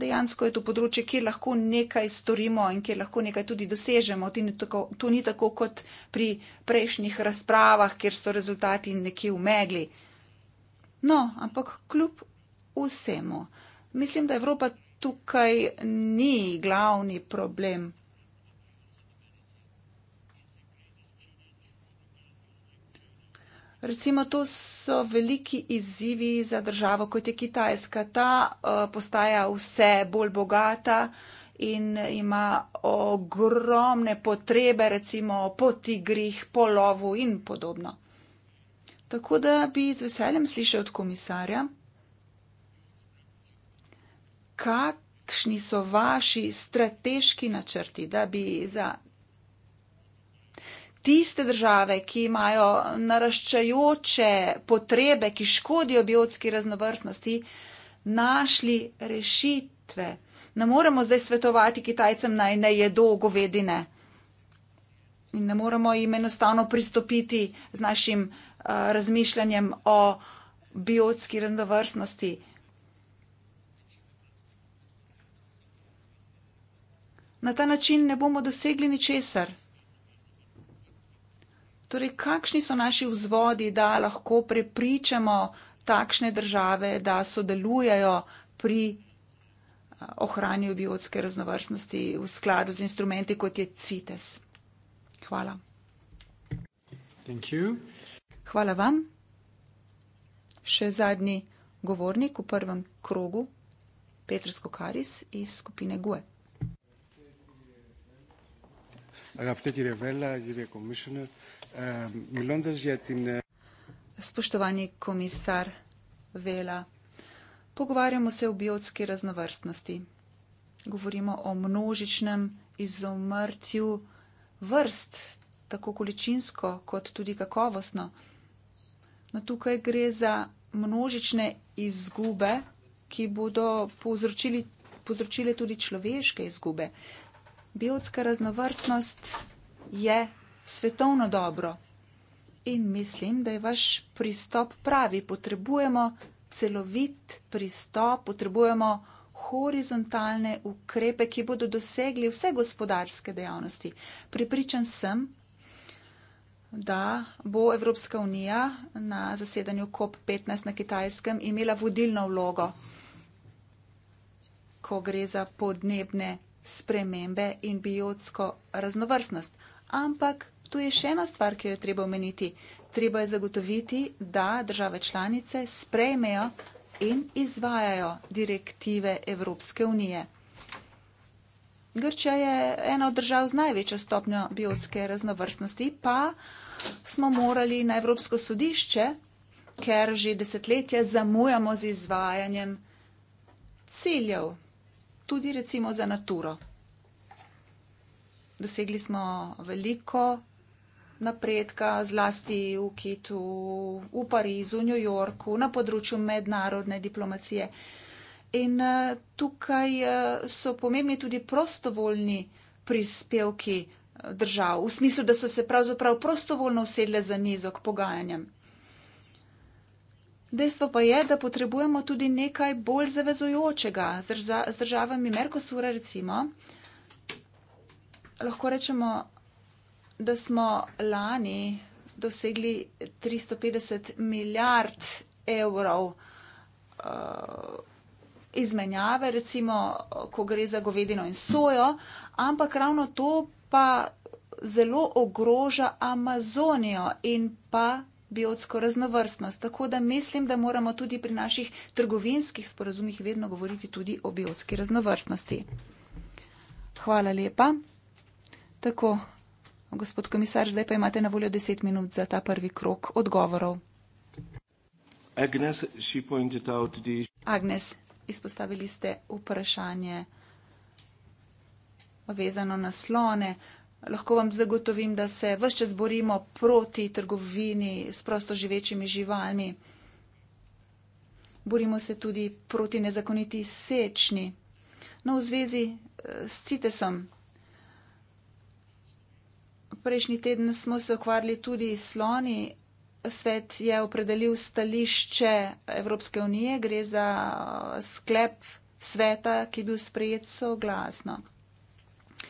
C: dejansko je to področje, kjer lahko nekaj storimo in kjer lahko nekaj tudi dosežemo. To ni tako, to ni tako kot pri prejšnjih razpravah, kjer so rezultati nekje umegli. No, ampak kljub vsemu, mislim, da Evropa tukaj ni glavni problem. Recimo, to so veliki izzivi za državo, kot je Kitajska. Ta uh, postaja vse bolj bogata in ima ogromne potrebe, recimo po tigrih, po lovu in podobno. Tako da bi z veseljem slišal od komisarja, kakšni so vaši strateški načrti, da bi za tiste države, ki imajo naraščajoče potrebe, ki škodijo biotski raznovrstnosti, našli rešitve. Ne moremo zdaj svetovati Kitajcem naj ne jedo govedine. In ne moremo jim enostavno pristopiti z našim uh, razmišljanjem o biotski raznovrstnosti. Na ta način ne bomo dosegli ničesar. Torej, kakšni so naši vzvodi, da lahko prepričamo takšne države, da sodelujajo pri ohranju biotske raznovrstnosti v skladu z instrumenti, kot je CITES? Hvala. Hvala vam. Še zadnji govornik v prvem krogu, Petr Skokaris iz skupine GUE.
B: Agapte Direvela, Direkomisioner, Eh, ja,
C: Spoštovani komisar Vela, pogovarjamo se o biotski raznovrstnosti. Govorimo o množičnem izumrtju vrst, tako količinsko kot tudi kakovostno. No, tukaj gre za množične izgube, ki bodo povzročili, povzročili tudi človeške izgube. Biotska raznovrstnost je svetovno dobro. In mislim, da je vaš pristop pravi. Potrebujemo celovit pristop, potrebujemo horizontalne ukrepe, ki bodo dosegli vse gospodarske dejavnosti. Pripričan sem, da bo Evropska unija na zasedanju COP15 na Kitajskem imela vodilno vlogo, ko gre za podnebne spremembe in biotsko raznovrstnost. Ampak tu je še ena stvar, ki jo je treba omeniti. Treba je zagotoviti, da države članice sprejmejo in izvajajo direktive Evropske unije. Grčija je ena od držav z največjo stopnjo biotske raznovrstnosti, pa smo morali na Evropsko sodišče, ker že desetletja zamujamo z izvajanjem ciljev, tudi recimo za naturo. Dosegli smo veliko napredka, zlasti v Kitu, v Parizu, v New Yorku, na področju mednarodne diplomacije. In eh, tukaj eh, so pomembni tudi prostovoljni prispevki eh, držav, v smislu, da so se pravzaprav prostovoljno usedle za mizo k pogajanjem. Dejstvo pa je, da potrebujemo tudi nekaj bolj zavezujočega z državami Merkosura, recimo. Lahko rečemo, da smo lani dosegli 350 milijard evrov uh, izmenjave, recimo, ko gre za govedino in sojo, ampak ravno to pa zelo ogroža Amazonijo in pa biotsko raznovrstnost. Tako da mislim, da moramo tudi pri naših trgovinskih sporazumih vedno govoriti tudi o biotski raznovrstnosti. Hvala lepa. Tako, Gospod komisar, zdaj pa imate na voljo deset minut za ta prvi krok odgovorov. Agnes, Agnes izpostavili ste vprašanje vezano na slone. Lahko vam zagotovim, da se vse čas borimo proti trgovini s prosto živečimi živalmi. Borimo se tudi proti nezakoniti sečni. No, v zvezi eh, s citesom, prejšnji teden smo se ukvarjali tudi s sloni. Svet je opredelil stališče Evropske unije, gre za uh, sklep sveta, ki je bil sprejet soglasno.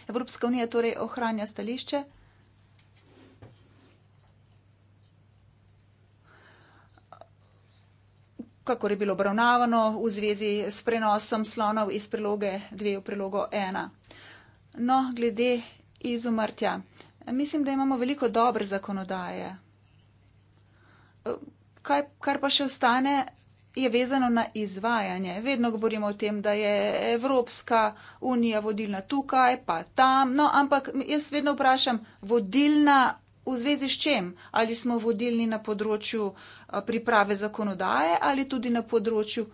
C: Evropska unija torej ohranja stališče. kakor je bilo obravnavano v zvezi s prenosom slonov iz priloge 2 v prilogo 1. No, glede izumrtja. Mislim, da imamo veliko dobre zakonodaje. Kaj, kar pa še ostane, je vezano na izvajanje. Vedno govorimo o tem, da je Evropska unija vodilna tukaj, pa tam. No, ampak jaz vedno vprašam, vodilna v zvezi s čem? Ali smo vodilni na področju priprave zakonodaje ali tudi na področju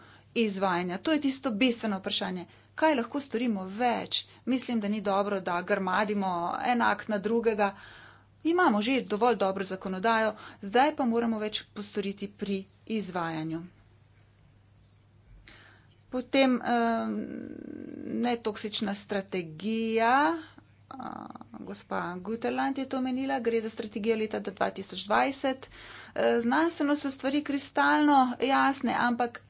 C: izvajanja? To je tisto bistveno vprašanje. Kaj lahko storimo več? Mislim, da ni dobro, da grmadimo enak na drugega. Imamo že dovolj dobro zakonodajo, zdaj pa moramo več postoriti pri izvajanju. Potem netoksična strategija. Gospa Guterland je to omenila, gre za strategijo leta 2020. E, znanstveno so stvari kristalno jasne, ampak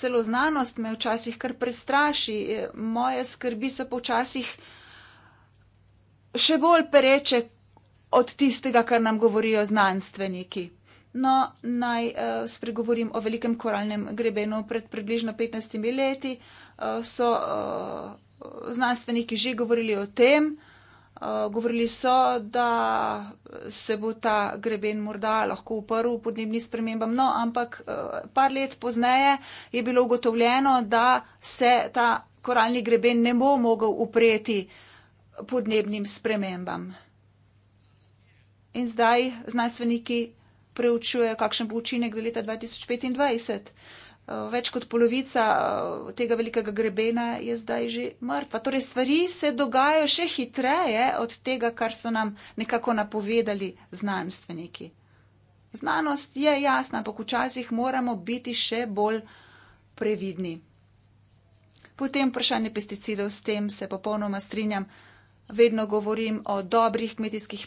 C: celo znanost me včasih kar prestraši. E, moje skrbi so počasih še bolj pereče od tistega, kar nam govorijo znanstveniki. No, naj uh, spregovorim o velikem koralnem grebenu. Pred približno 15 leti uh, so uh, znanstveniki že govorili o tem, uh, Eh, govorili so, da se bo ta greben morda lahko uprl podnebnim spremembam, no, ampak eh, par let pozneje je bilo ugotovljeno, da se ta koralni greben ne bo mogel upreti podnebnim spremembam. In zdaj znanstveniki preučujejo, kakšen bo učinek do leta 2025. Eh, več kot polovica eh, tega velikega grebena je zdaj že mrtva. Torej, stvari se dogajajo še hitreje od tega, kar so nam nekako napovedali znanstveniki. Znanost je jasna, ampak včasih moramo biti še bolj previdni. Potem vprašanje pesticidov, s tem se popolnoma strinjam. Vedno govorim o dobrih kmetijskih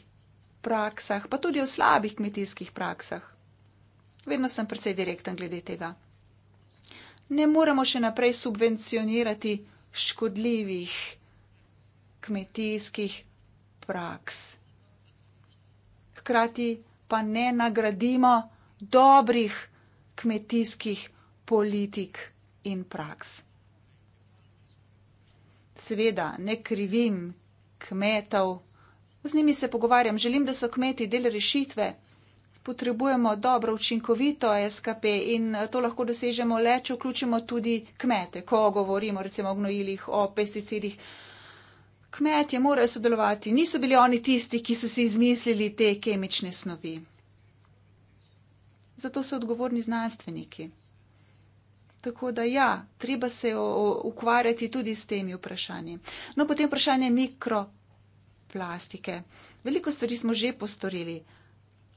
C: praksah, pa tudi o slabih kmetijskih praksah. Vedno sem precej direkten glede tega ne moremo še naprej subvencionirati škodljivih kmetijskih praks. Hkrati pa ne nagradimo dobrih kmetijskih politik in praks. Sveda ne krivim kmetov, z njimi se pogovarjam, želim, da so kmeti del rešitve potrebujemo dobro, učinkovito SKP in eh, to lahko dosežemo le, če vključimo tudi kmete, ko govorimo recimo o gnojilih, o pesticidih. Kmetje morajo sodelovati, niso bili oni tisti, ki so si izmislili te kemične snovi. Zato so odgovorni znanstveniki. Tako da ja, treba se ukvarjati tudi s temi vprašanji. No, potem vprašanje mikroplastike. Veliko stvari smo že postorili,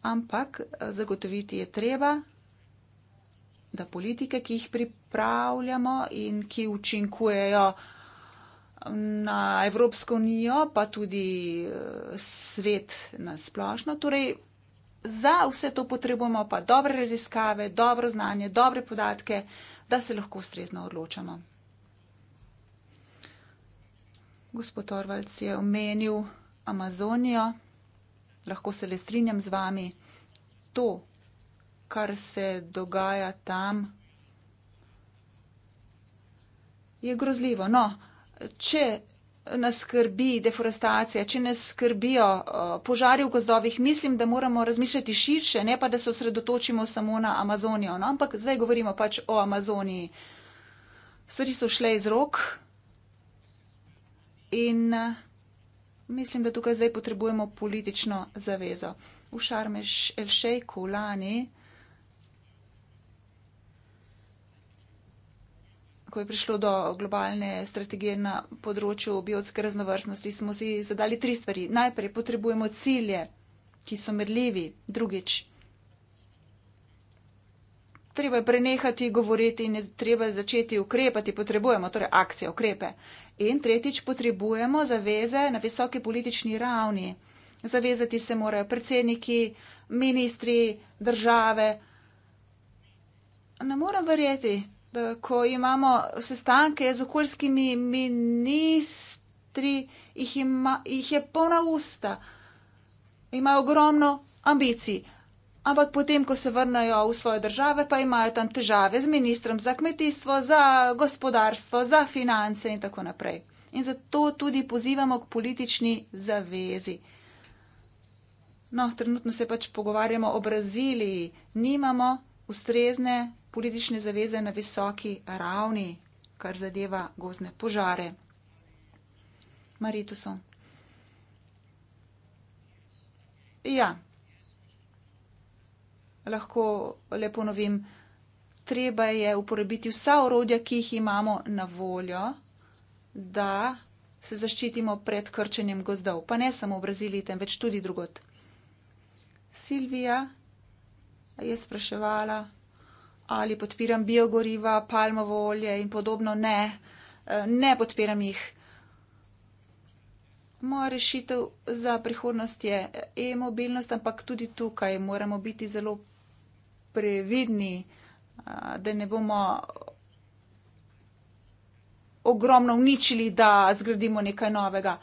C: ampak eh, zagotoviti je treba, da politike, ki jih pripravljamo in ki učinkujejo mm, na Evropsko unijo, pa tudi eh, svet nasplošno. Torej, za vse to potrebujemo pa dobre raziskave, dobro znanje, dobre podatke, da se lahko ustrezno odločamo. Gospod Orvalc je omenil Amazonijo lahko se le strinjam z vami, to, kar se dogaja tam, je grozljivo. No, če nas skrbi deforestacija, če nas skrbijo uh, požari v gozdovih, mislim, da moramo razmišljati širše, ne pa, da se osredotočimo samo na Amazonijo. No, ampak zdaj govorimo pač o Amazoniji. Stvari so šle iz rok in uh, Mislim, da tukaj zdaj potrebujemo politično zavezo. V Šarmeš Elšejku lani, ko je prišlo do globalne strategije na področju biotske raznovrstnosti, smo si zadali tri stvari. Najprej potrebujemo cilje, ki so merljivi. Drugič, treba je prenehati govoriti in je treba začeti ukrepati, potrebujemo torej akcije, ukrepe. In tretjič, potrebujemo zaveze na visoki politični ravni. Zavezati se morajo predsedniki, ministri, države. Ne moram verjeti, da ko imamo sestanke z okoljskimi ministri, jih, ima, jih je polna usta, imajo ogromno ambicij ampak potem, ko se vrnajo v svoje države, pa imajo tam težave z ministrom za kmetijstvo, za gospodarstvo, za finance in tako naprej. In zato tudi pozivamo k politični zavezi. No, trenutno se pač pogovarjamo o Braziliji. Nimamo ustrezne politične zaveze na visoki ravni, kar zadeva gozne požare. Maritusom. Ja lahko le ponovim, treba je uporabiti vsa orodja, ki jih imamo na voljo, da se zaščitimo pred krčenjem gozdov, pa ne samo v Braziliji, temveč tudi drugot. Silvija je spraševala, ali podpiram biogoriva, palmovo olje in podobno. Ne, eh, ne podpiram jih. Moja rešitev za prihodnost je e-mobilnost, ampak tudi tukaj moramo biti zelo previdni, da ne bomo ogromno uničili, da zgradimo nekaj novega.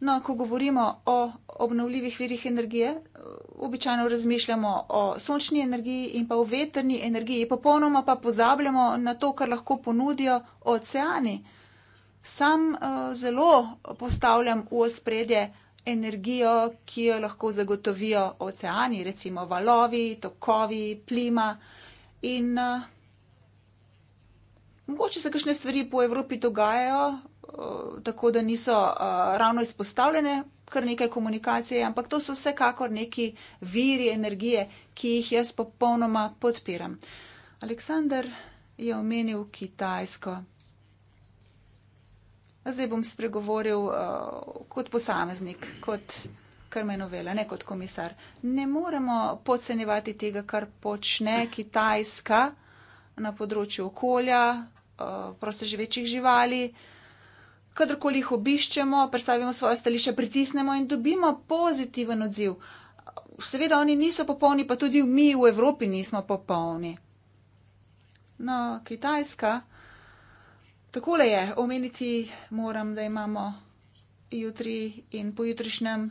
C: No, ko govorimo o obnovljivih virih energije, običajno razmišljamo o sončni energiji in pa o veterni energiji, popolnoma pa pozabljamo na to, kar lahko ponudijo oceani. Sam uh, zelo postavljam v ospredje uh, energijo, ki jo lahko zagotovijo oceani, recimo valovi, tokovi, plima in uh, mogoče se kakšne stvari po Evropi dogajajo, uh, tako da niso uh, ravno izpostavljene kar nekaj komunikacije, ampak to so vsekakor neki viri energije, ki jih jaz popolnoma podpiram. Aleksandr je omenil Kitajsko zdaj bom spregovoril uh, kot posameznik, kot krmenovela, ne kot komisar. Ne moremo podcenjevati tega, kar počne Kitajska na področju okolja, uh, eh, proste živečih živali. Kadarkoli jih obiščemo, predstavimo svoje stališče, pritisnemo in dobimo pozitiven odziv. Seveda oni niso popolni, pa tudi mi v Evropi nismo popolni. No, Kitajska. Takole je, omeniti moram, da imamo jutri in pojutrišnjem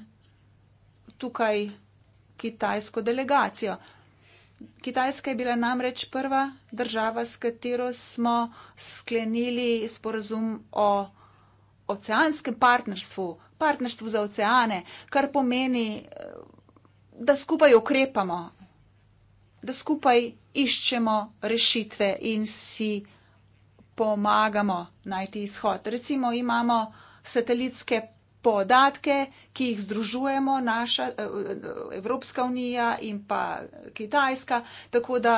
C: tukaj kitajsko delegacijo. Kitajska je bila namreč prva država, s katero smo sklenili sporazum o oceanskem partnerstvu, partnerstvu za oceane, kar pomeni, da skupaj ukrepamo, da skupaj iščemo rešitve in si pomagamo najti izhod. Recimo imamo satelitske podatke, ki jih združujemo naša eh, eh, Evropska unija in pa Kitajska, tako da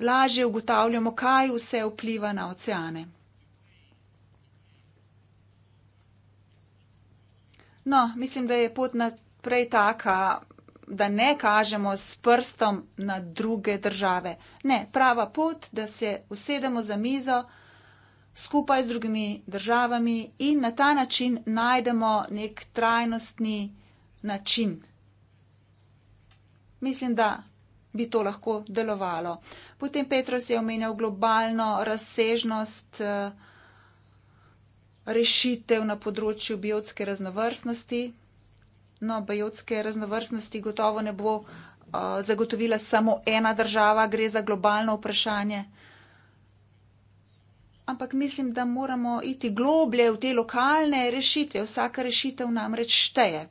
C: lažje ugotavljamo, kaj vse vpliva na oceane. No, mislim, da je pot naprej taka da ne kažemo s prstom na druge države. Ne, prava pot, da se usedemo za mizo skupaj z drugimi državami in na ta način najdemo nek trajnostni način. Mislim, da bi to lahko delovalo. Potem Petros je omenjal globalno razsežnost eh, rešitev na področju biotske raznovrstnosti no, biotske raznovrstnosti gotovo ne bo uh, zagotovila samo ena država, gre za globalno vprašanje. Ampak mislim, da moramo iti globlje v te lokalne rešitve. Vsaka rešitev namreč šteje.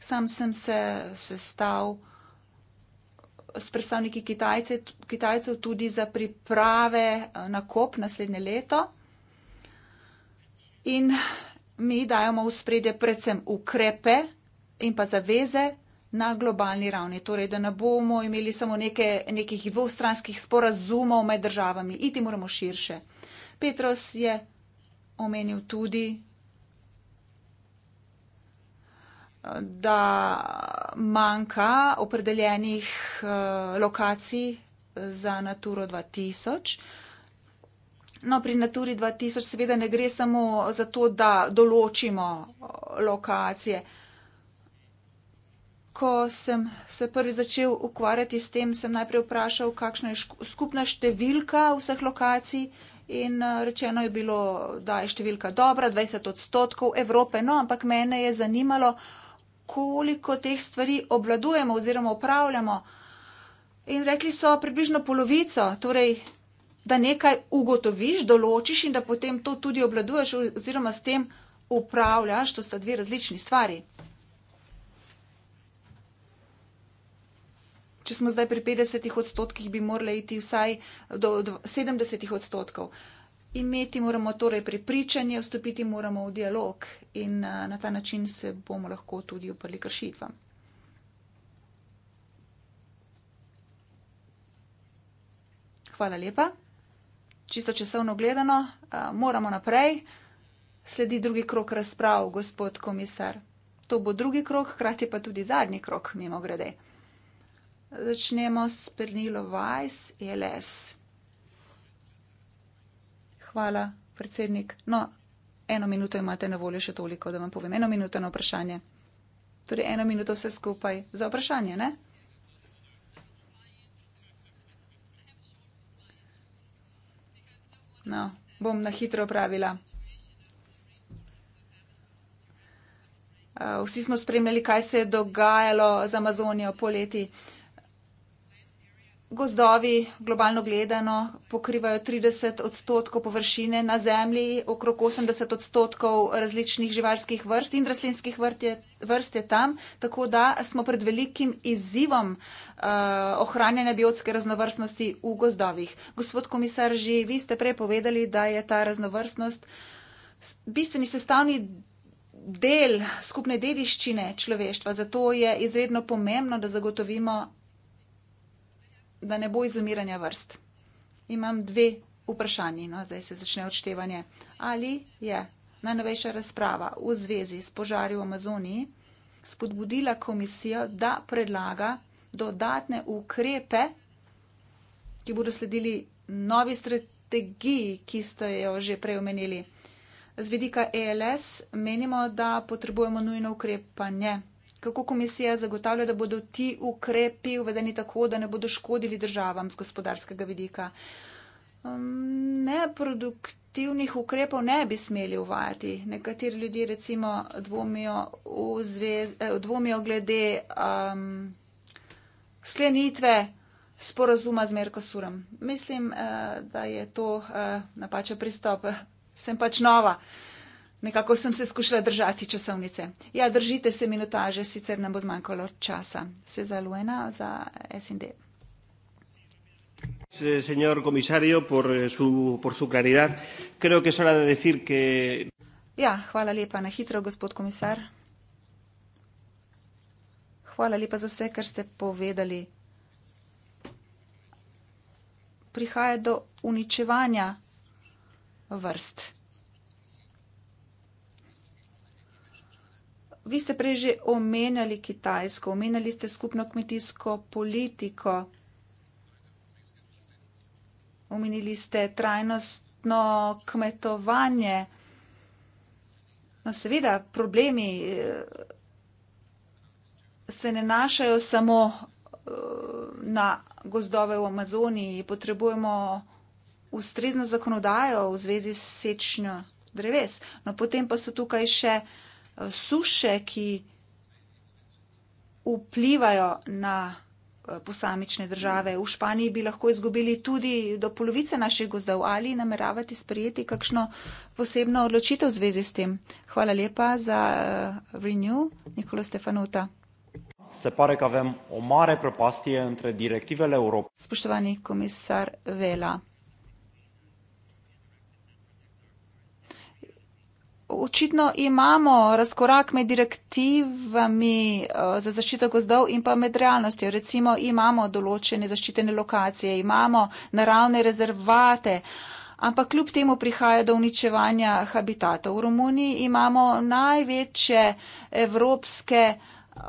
C: Sam sem se sestavil s predstavniki Kitajce, Kitajcev tudi za priprave na kop naslednje leto. In mi dajemo v spredje predvsem ukrepe in pa zaveze na globalni ravni. Torej, da ne bomo imeli samo neke, nekih dvostranskih sporazumov med državami, iti moramo širše. Petros je omenil tudi, da manjka opredeljenih eh, lokacij za Naturo 2000. No, pri Naturi 2000 seveda ne gre samo za to, da določimo lokacije. Ko sem se prvi začel ukvarjati s tem, sem najprej vprašal, kakšna je skupna številka vseh lokacij in e, rečeno je bilo, da je številka dobra, 20 odstotkov Evrope, no, ampak mene je zanimalo, koliko teh stvari obvladujemo oziroma upravljamo. In rekli so približno polovico, torej da nekaj ugotoviš, določiš in da potem to tudi obladuješ, oziroma s tem upravljaš. To sta dve različni stvari. Če smo zdaj pri 50 odstotkih, bi morali iti vsaj do 70 odstotkov. Imeti moramo torej prepričanje, vstopiti moramo v dialog in na ta način se bomo lahko tudi uprli kršitvam. Hvala lepa čisto časovno gledano, eh, moramo naprej. Sledi drugi krok razprav, gospod komisar. To bo drugi krok, hkrati pa tudi zadnji krok, mimo grede. Začnemo s Pernilo Vajs, e LS. Hvala, predsednik. No, eno minuto imate na voljo še toliko, da vam povem. Eno minuto na vprašanje. Torej, eno minuto vse skupaj za vprašanje, ne? No, bom na hitro pravila. Eh, vsi smo spremljali, kaj se je dogajalo z Amazonijo poleti. Gozdovi globalno gledano pokrivajo 30 odstotkov površine na Zemlji, okrog 80 odstotkov različnih živalskih vrst in rastlinskih vrst je, vrst je tam, tako da smo pred velikim izzivom uh, eh, ohranjene biotske raznovrstnosti v gozdovih. Gospod komisar, že vi ste prepovedali, da je ta raznovrstnost bistveni sestavni del skupne dediščine človeštva, zato je izredno pomembno, da zagotovimo da ne bo izumiranja vrst. Imam dve vprašanji, no, zdaj se začne odštevanje. Ali je najnovejša razprava v zvezi s požari v Amazoniji spodbudila komisijo, da predlaga dodatne ukrepe, ki bodo sledili novi strategiji, ki ste jo že prej omenili? Z vidika ELS menimo, da potrebujemo nujno ukrepanje kako komisija zagotavlja, da bodo ti ukrepi uvedeni tako, da ne bodo škodili državam z gospodarskega vidika. Um, neproduktivnih ukrepov ne bi smeli uvajati. Nekateri ljudje recimo dvomijo, zvez, eh, dvomijo glede um, sklenitve sporazuma z Merkosurom. Mislim, eh, da je to eh, napačen pristop. Sem pač nova. Eh, Nekako sem se skušala držati časovnice. Ja, držite se minutaže, sicer nam bo zmanjkalo časa. Se za Luena, za SND.
B: Señor komisarjo, por, eh, por su claridad, creo que es hora de decir que.
C: Ja, hvala lepa na hitro, gospod komisar. Hvala lepa za vse, kar ste povedali. Prihaja do uničevanja vrst. Vi ste prej že omenjali Kitajsko, omenjali ste skupno kmetijsko politiko, omenili ste trajnostno kmetovanje. No, seveda, problemi eh, se ne našajo samo eh, na gozdove v Amazoniji, potrebujemo ustrezno zakonodajo v zvezi s sečnjo dreves. No, potem pa so tukaj še uh, suše, ki vplivajo na eh, posamične države. V Španiji bi lahko izgubili tudi do polovice naših gozdov ali nameravati sprejeti kakšno posebno odločitev v zvezi s tem. Hvala lepa za eh, Renew, Nikolo Stefanuta.
B: Se pare, kaj vem, omare propasti entre direktive Evrope.
C: Spoštovani komisar Vela. očitno imamo razkorak med direktivami eh, za zaščito gozdov in pa med realnostjo. Recimo imamo določene zaščitene lokacije, imamo naravne rezervate. Ampak kljub temu prihaja do uničevanja habitatov. V Romuniji imamo največje evropske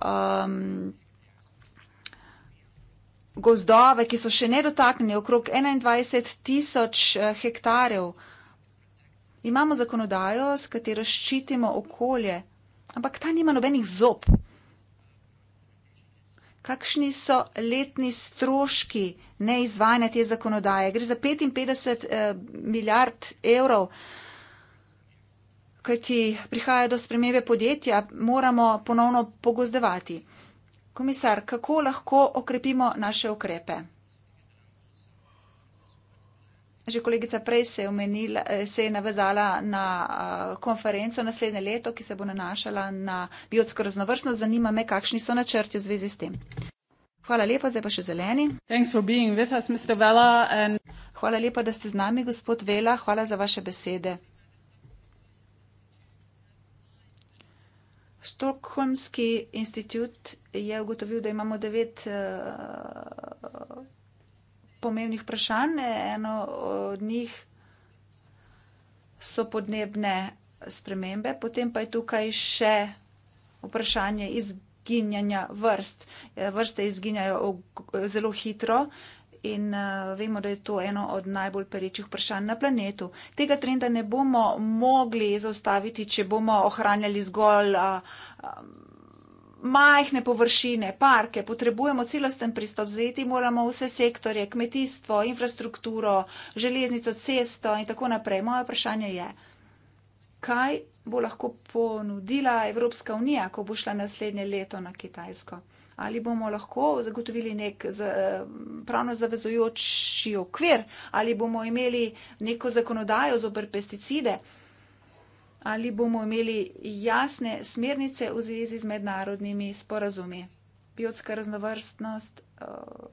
C: um, gozdove, ki so še nedotaknjeni, okrog 21 tisoč eh, hektarjev. Uh, Imamo zakonodajo, s katero ščitimo okolje, ampak ta nima nobenih zob. Kakšni so letni stroški neizvajanja te zakonodaje? Gre za 55 eh, milijard evrov, kajti prihaja do spremembe podjetja, moramo ponovno pogozdevati. Komisar, kako lahko okrepimo naše ukrepe? Že kolegica prej se je, omenila, eh, se je navezala na eh, konferenco naslednje leto, ki se bo nanašala na biotsko raznovrstnost. Zanima me, kakšni so načrti v zvezi s tem. Hvala lepa, zdaj pa še zeleni. Us, Vela, and... Hvala lepa, da ste z nami, gospod Vela. Hvala za vaše besede. Stokholmski inštitut je ugotovil, da imamo devet. Uh, pomembnih vprašanj. Eno od njih so podnebne spremembe, potem pa je tukaj še vprašanje izginjanja vrst. Vrste izginjajo zelo hitro in vemo, da je to eno od najbolj perečih vprašanj na planetu. Tega trenda ne bomo mogli zaustaviti, če bomo ohranjali zgolj majhne površine, parke, potrebujemo celosten pristop, zajeti moramo vse sektorje, kmetijstvo, infrastrukturo, železnico, cesto in tako naprej. Moje vprašanje je, kaj bo lahko ponudila Evropska unija, ko bo šla naslednje leto na Kitajsko? Ali bomo lahko zagotovili nek eh, pravno zavezojoči okvir, ali bomo imeli neko zakonodajo zopr pesticide, ali bomo imeli jasne smernice v zvezi z mednarodnimi sporazumi. Biotska raznovrstnost uh,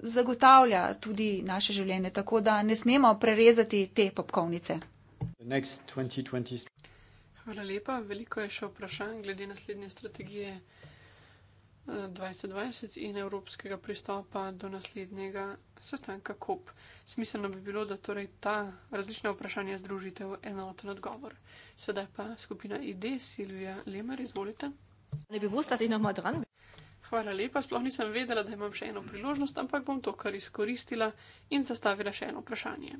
C: zagotavlja tudi naše življenje, tako da ne smemo prerezati te popkovnice.
A: Hvala lepa. Veliko je še vprašanj glede naslednje strategije 2020 eh, in evropskega pristopa do naslednjega sestanka COP, smiselno bi bilo, da torej ta različna vprašanja združite v enoten odgovor. Sedaj pa skupina ID, Silvija Lemar, izvolite. Ne bi boste vedno moj dran. Hvala lepa, sploh nisem vedela, da imam še eno priložnost, ampak bom to kar izkoristila in zastavila še eno vprašanje.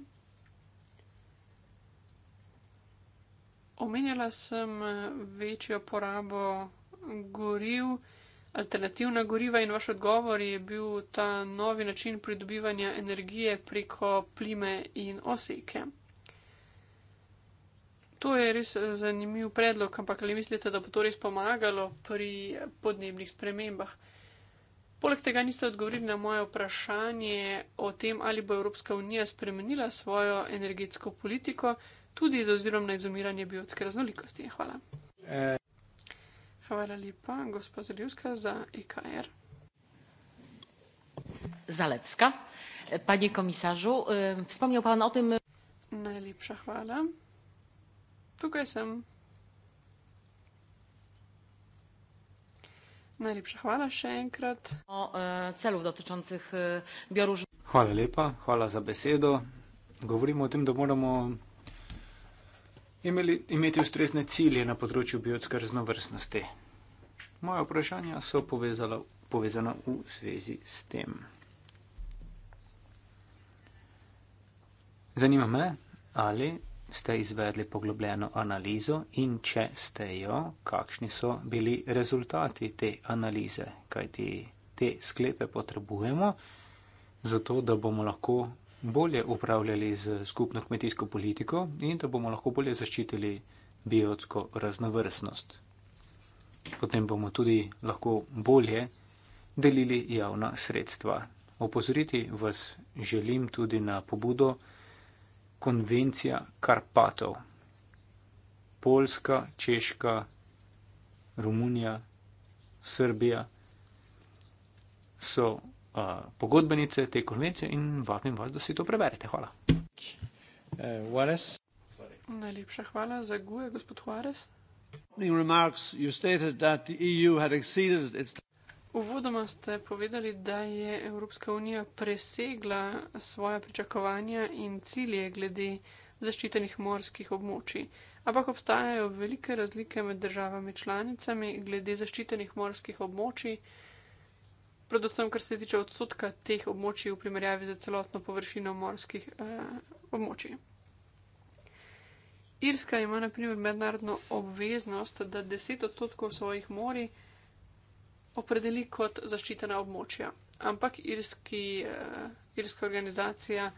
A: Omenjala sem eh, večjo porabo goriv alternativna goriva in vaš odgovor je bil ta novi način pridobivanja energije preko plime in osejke. To je res zanimiv predlog, ampak ali mislite, da bo to res pomagalo pri podnebnih spremembah? Poleg tega niste odgovorili na moje vprašanje o tem, ali bo Evropska unija spremenila svojo energetsko politiko, tudi z ozirom na izumiranje biotske raznolikosti. Hvala. E Hvala lepa, gospa Zaljuska, za IKR. Zalewska. Panie komisarzu, e, wspomniał pan o tym. E, Najlepsza chwala. Tutaj jestem. Najlepsza chwala, Szenkrat. O e, celów dotyczących biorusz.
B: Chwala lepa, chwala za besedo. Mówimy o tym, że moramo mieć ustrezne cele na področju biotskiej raznowrstwności. Moje vprašanja so povezala, povezana v zvezi s tem. Zanima me, ali ste izvedli poglobljeno analizo in če ste jo, kakšni so bili rezultati te analize, kajti te sklepe potrebujemo, zato da bomo lahko bolje upravljali z skupno kmetijsko politiko in da bomo lahko bolje zaščitili biotsko raznovrstnost potem bomo tudi lahko bolje delili javna sredstva. Opozoriti vas želim tudi na pobudo Konvencija Karpatov. Poljska, Češka, Romunija, Srbija so uh, pogodbenice te konvencije in vabim vas, da si to preberete. Hvala. Uh,
A: Najlepša hvala za guje, gospod Juarez. E Uvodoma ste povedali, da je Evropska unija presegla svoja pričakovanja in cilje glede zaščitenih morskih območij. Ampak obstajajo velike razlike med državami članicami glede zaščitenih morskih območij, predvsem kar se tiče odstotka teh območij v primerjavi z celotno površino morskih eh, območij. Irska ima naprimer mednarodno obveznost, da 10 odstotkov svojih mori opredeli kot zaščitena območja. Ampak irski, eh, irska organizacija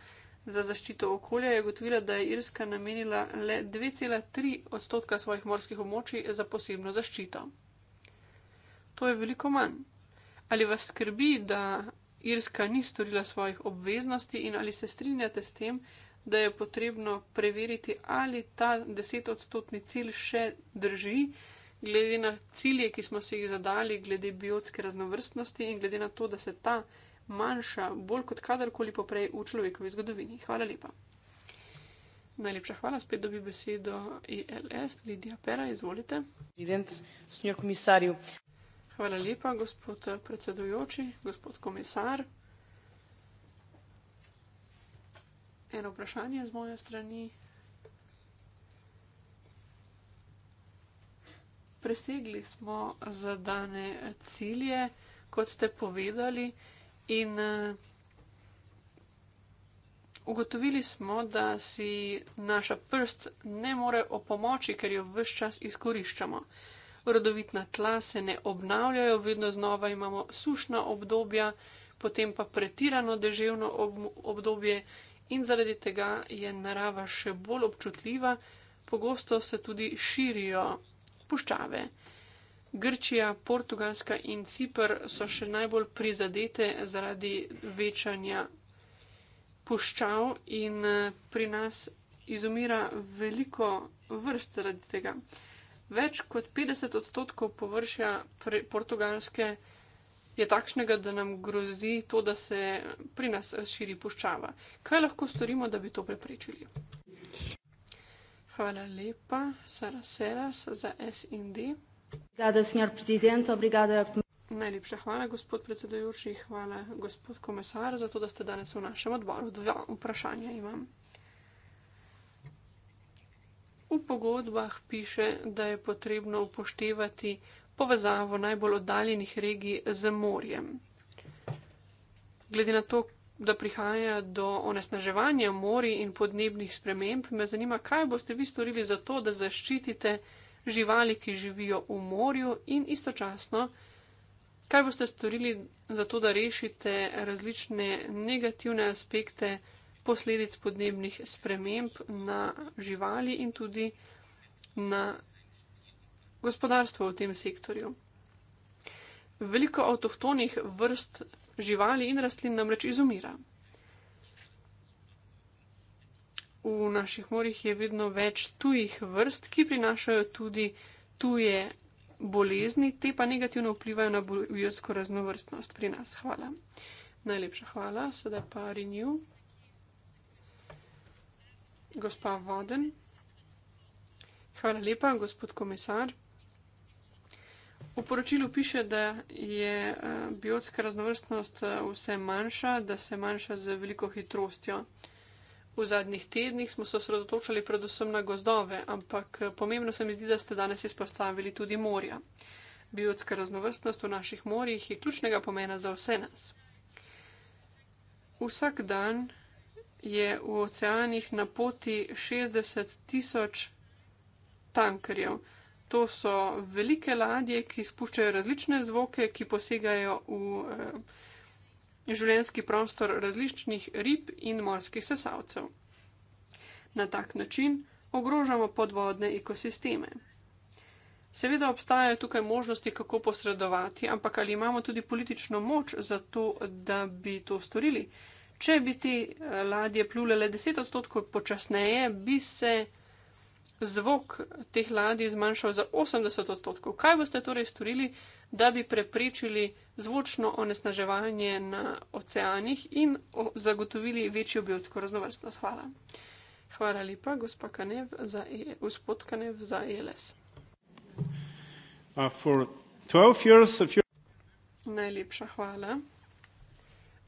A: za zaščito okolja je gotovila, da je Irska namenila le 2,3 odstotka svojih morskih območij za posebno zaščito. To je veliko manj. Ali vas skrbi, da Irska ni storila svojih obveznosti in ali se strinjate s tem, da je potrebno preveriti, ali ta desetodstotni cilj še drži, glede na cilje, ki smo si jih zadali, glede biotske raznovrstnosti in glede na to, da se ta manjša bolj kot kadarkoli poprej v človekovi zgodovini. Hvala lepa. Najlepša hvala, spet dobi besedo ILS, e Lidija Pera, izvolite. Hvala lepa, gospod predsedujoči, gospod komisar. eno vprašanje z moje strani. Presegli smo zadane cilje, kot ste povedali, in eh, ugotovili smo, da si naša prst ne more opomoči, ker jo vse čas izkoriščamo. Rodovitna tla se ne obnavljajo, vedno znova imamo sušna obdobja, potem pa pretirano deževno obdobje in zaradi tega je narava še bolj občutljiva, pogosto se tudi širijo puščave. Grčija, Portugalska in Cipr so še najbolj prizadete zaradi večanja puščav in eh, pri nas izumira veliko vrst zaradi tega. Več kot 50 odstotkov površja Portugalske je takšnega, da nam grozi to, da se pri nas širi puščava. Kaj lahko storimo, da bi to preprečili? Hvala lepa, Sara Seras za SND.
B: Obrigada, senjor prezident, obrigada.
A: Najlepša hvala, gospod predsedujoči, hvala, gospod komisar, za to, da ste danes v našem odboru. Dva vprašanja imam. V pogodbah piše, da je potrebno upoštevati povezavo najbolj oddaljenih regij z morjem. Glede na to, da prihaja do onesnaževanja mori in podnebnih sprememb, me zanima, kaj boste vi storili za to, da zaščitite živali, ki živijo v morju in istočasno, kaj boste storili za to, da rešite različne negativne aspekte posledic podnebnih sprememb na živali in tudi na gospodarstvo v tem sektorju. Veliko avtohtonih vrst živali in rastlin namreč izumira. V naših morjih je vedno več tujih vrst, ki prinašajo tudi tuje bolezni, te pa negativno vplivajo na biotsko raznovrstnost pri nas. Hvala. Najlepša hvala, sedaj pa Renew. Gospa Voden. Hvala lepa, gospod komisar. V poročilu piše, da je eh, biotska raznovrstnost eh, vse manjša, da se manjša z veliko hitrostjo. V zadnjih tednih smo se osredotočali predvsem na gozdove, ampak eh, pomembno se mi zdi, da ste danes izpostavili tudi morja. Biotska raznovrstnost v naših morjih je ključnega pomena za vse nas. Vsak dan je v oceanih na poti 60 tisoč tankerjev. To so velike ladje, ki spuščajo različne zvoke, ki posegajo v eh, življenski prostor različnih rib in morskih sesalcev. Na tak način ogrožamo podvodne ekosisteme. Seveda obstajajo tukaj možnosti, kako posredovati, ampak ali imamo tudi politično moč za to, da bi to storili? Če bi te eh, ladje plule le 10 odstotkov počasneje, bi se zvok teh ladij zmanjšal za 80 odstotkov. Kaj boste torej storili, da bi preprečili zvočno onesnaževanje na oceanih in zagotovili večjo biotsko raznovrstnost? Hvala. Hvala lepa, Kanev za, e, gospod Kanev za e uh, ELS. Najlepša hvala.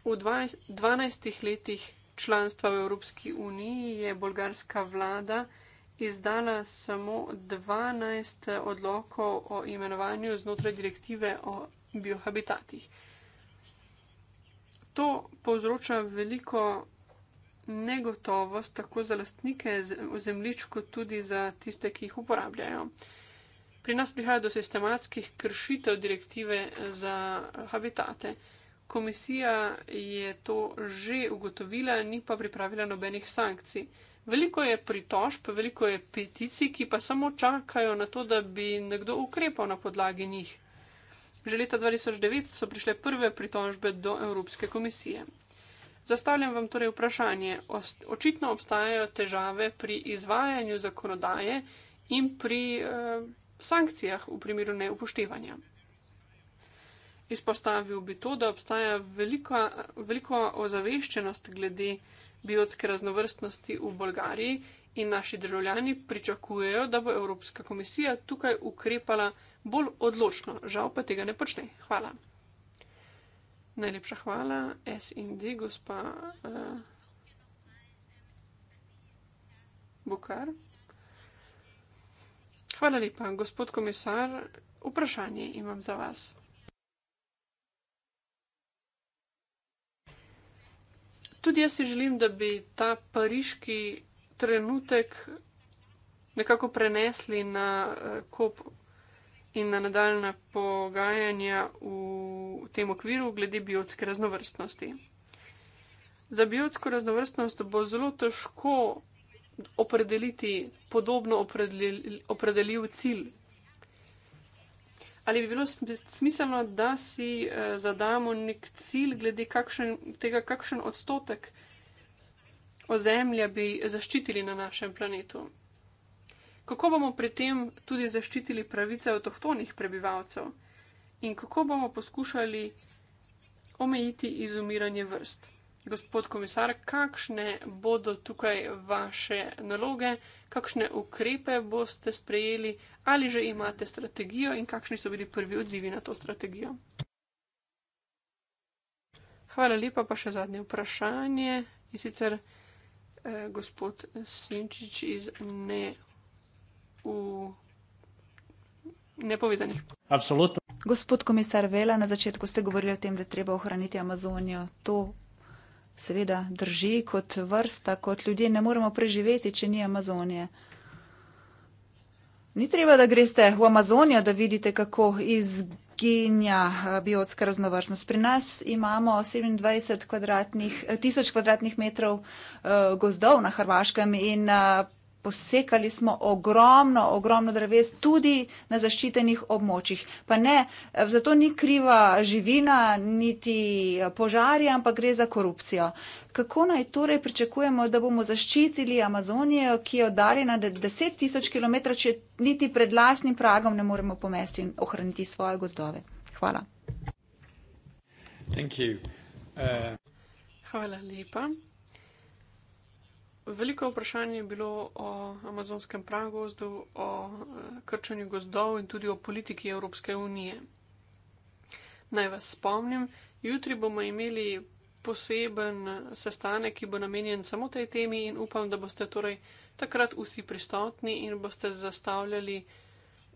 A: V 12 letih članstva v Evropski uniji je bolgarska vlada izdala samo 12 odlokov o imenovanju znotraj direktive o biohabitatih. To povzroča veliko negotovost tako za lastnike zemljišč, kot tudi za tiste, ki jih uporabljajo. Pri nas prihaja do sistematskih kršitev direktive za habitate. Komisija je to že ugotovila, ni pa pripravila nobenih sankcij. Veliko je pritožb, veliko je peticij, ki pa samo čakajo na to, da bi nekdo ukrepal na podlagi njih. Že leta 2009 so prišle prve pritožbe do Evropske komisije. Zastavljam vam torej vprašanje. Očitno obstajajo težave pri izvajanju zakonodaje in pri eh, sankcijah v primeru neupoštevanja. Izpostavil bi to, da obstaja velika ozaveščenost glede biotske raznovrstnosti v Bolgariji in naši državljani pričakujejo, da bo Evropska komisija tukaj ukrepala bolj odločno, žal pa tega ne počne. Hvala. Najlepša hvala, SND, gospa uh, eh, Bukar. Hvala lepa, gospod komisar, vprašanje imam za vas. tudi jaz si želim, da bi ta pariški trenutek nekako prenesli na uh, eh, kop in na nadaljne pogajanja v, v tem okviru glede biotske raznovrstnosti. Za biotsko raznovrstnost bo zelo težko opredeliti podobno opredelil, opredelil cilj Ali bi bilo smiselno, da si uh, zadamo nek cilj, glede kakšen, tega, kakšen odstotek ozemlja bi zaščitili na našem planetu? Kako bomo pri tem tudi zaščitili pravice avtohtonih prebivalcev in kako bomo poskušali omejiti izumiranje vrst? Gospod komisar, kakšne bodo tukaj vaše naloge, kakšne ukrepe boste sprejeli ali že imate strategijo in kakšni so bili prvi odzivi na to strategijo? Hvala lepa, pa še zadnje vprašanje in sicer eh, gospod Sinčič iz ne v nepovezanih. Absolutno.
C: Gospod komisar Vela, na začetku ste govorili o tem, da treba ohraniti Amazonijo. To seveda drži kot vrsta, kot ljudje ne moremo preživeti, če ni Amazonije. Ni treba, da greste v Amazonijo, da vidite, kako izginja eh, biotska raznovrstnost. Pri nas imamo 27 kvadratnih, eh, tisoč kvadratnih metrov eh, gozdov na Hrvaškem in posekali smo ogromno, ogromno dreves, tudi na zaščitenih območjih. Pa ne, eh, zato ni kriva živina, niti eh, požarja, ampak gre za korupcijo. Kako naj torej pričakujemo, da bomo zaščitili Amazonijo, ki je oddaljena 10 tisoč km, če niti pred lasnim pragom ne moremo pomesti in ohraniti svoje gozdove? Hvala.
B: Uh...
A: Hvala lepa. Veliko vprašanj je bilo o amazonskem pragozdu, o eh, krčanju gozdov in tudi o politiki Evropske unije. Naj vas spomnim, jutri bomo imeli poseben eh, sestanek, ki bo namenjen samo tej temi in upam, da boste torej takrat vsi pristotni in boste zastavljali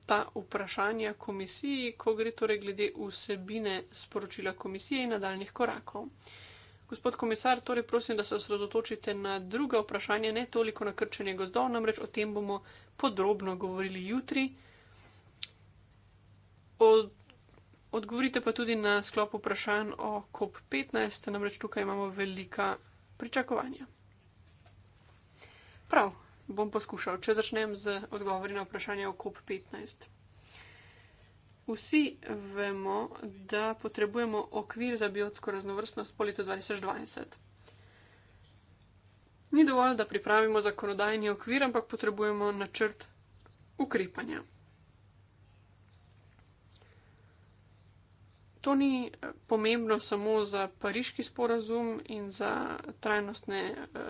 A: ta vprašanja komisiji, ko gre torej glede vsebine sporočila komisije in nadaljnih korakov. Gospod komisar, torej prosim, da se osredotočite na druga vprašanja, ne toliko na krčenje gozdov, namreč o tem bomo podrobno govorili jutri. Od, odgovorite pa tudi na sklop vprašanj o COP15, namreč tukaj imamo velika pričakovanja. Prav, bom poskušal, če začnem z odgovori na vprašanje o COP15. Vsi vemo, da potrebujemo okvir za biotsko raznovrstnost po letu 2020. Ni dovolj, da pripravimo zakonodajni okvir, ampak potrebujemo načrt ukrepanja. To ni eh, pomembno samo za pariški sporazum in za trajnostne eh,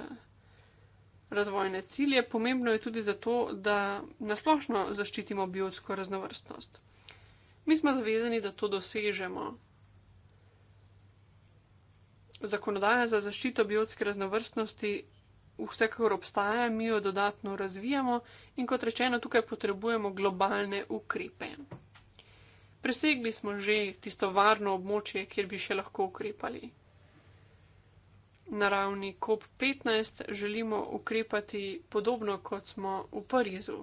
A: razvojne cilje, pomembno je tudi zato, da nasplošno zaščitimo biotsko raznovrstnost. Mi smo zavezani, da to dosežemo. Zakonodaja za zaščito biotske raznovrstnosti vsekakor obstaja, mi jo dodatno razvijamo in kot rečeno, tukaj potrebujemo globalne ukrepe. Presegli smo že tisto varno območje, kjer bi še lahko ukrepali. Na ravni COP15 želimo ukrepati podobno, kot smo v Parizu.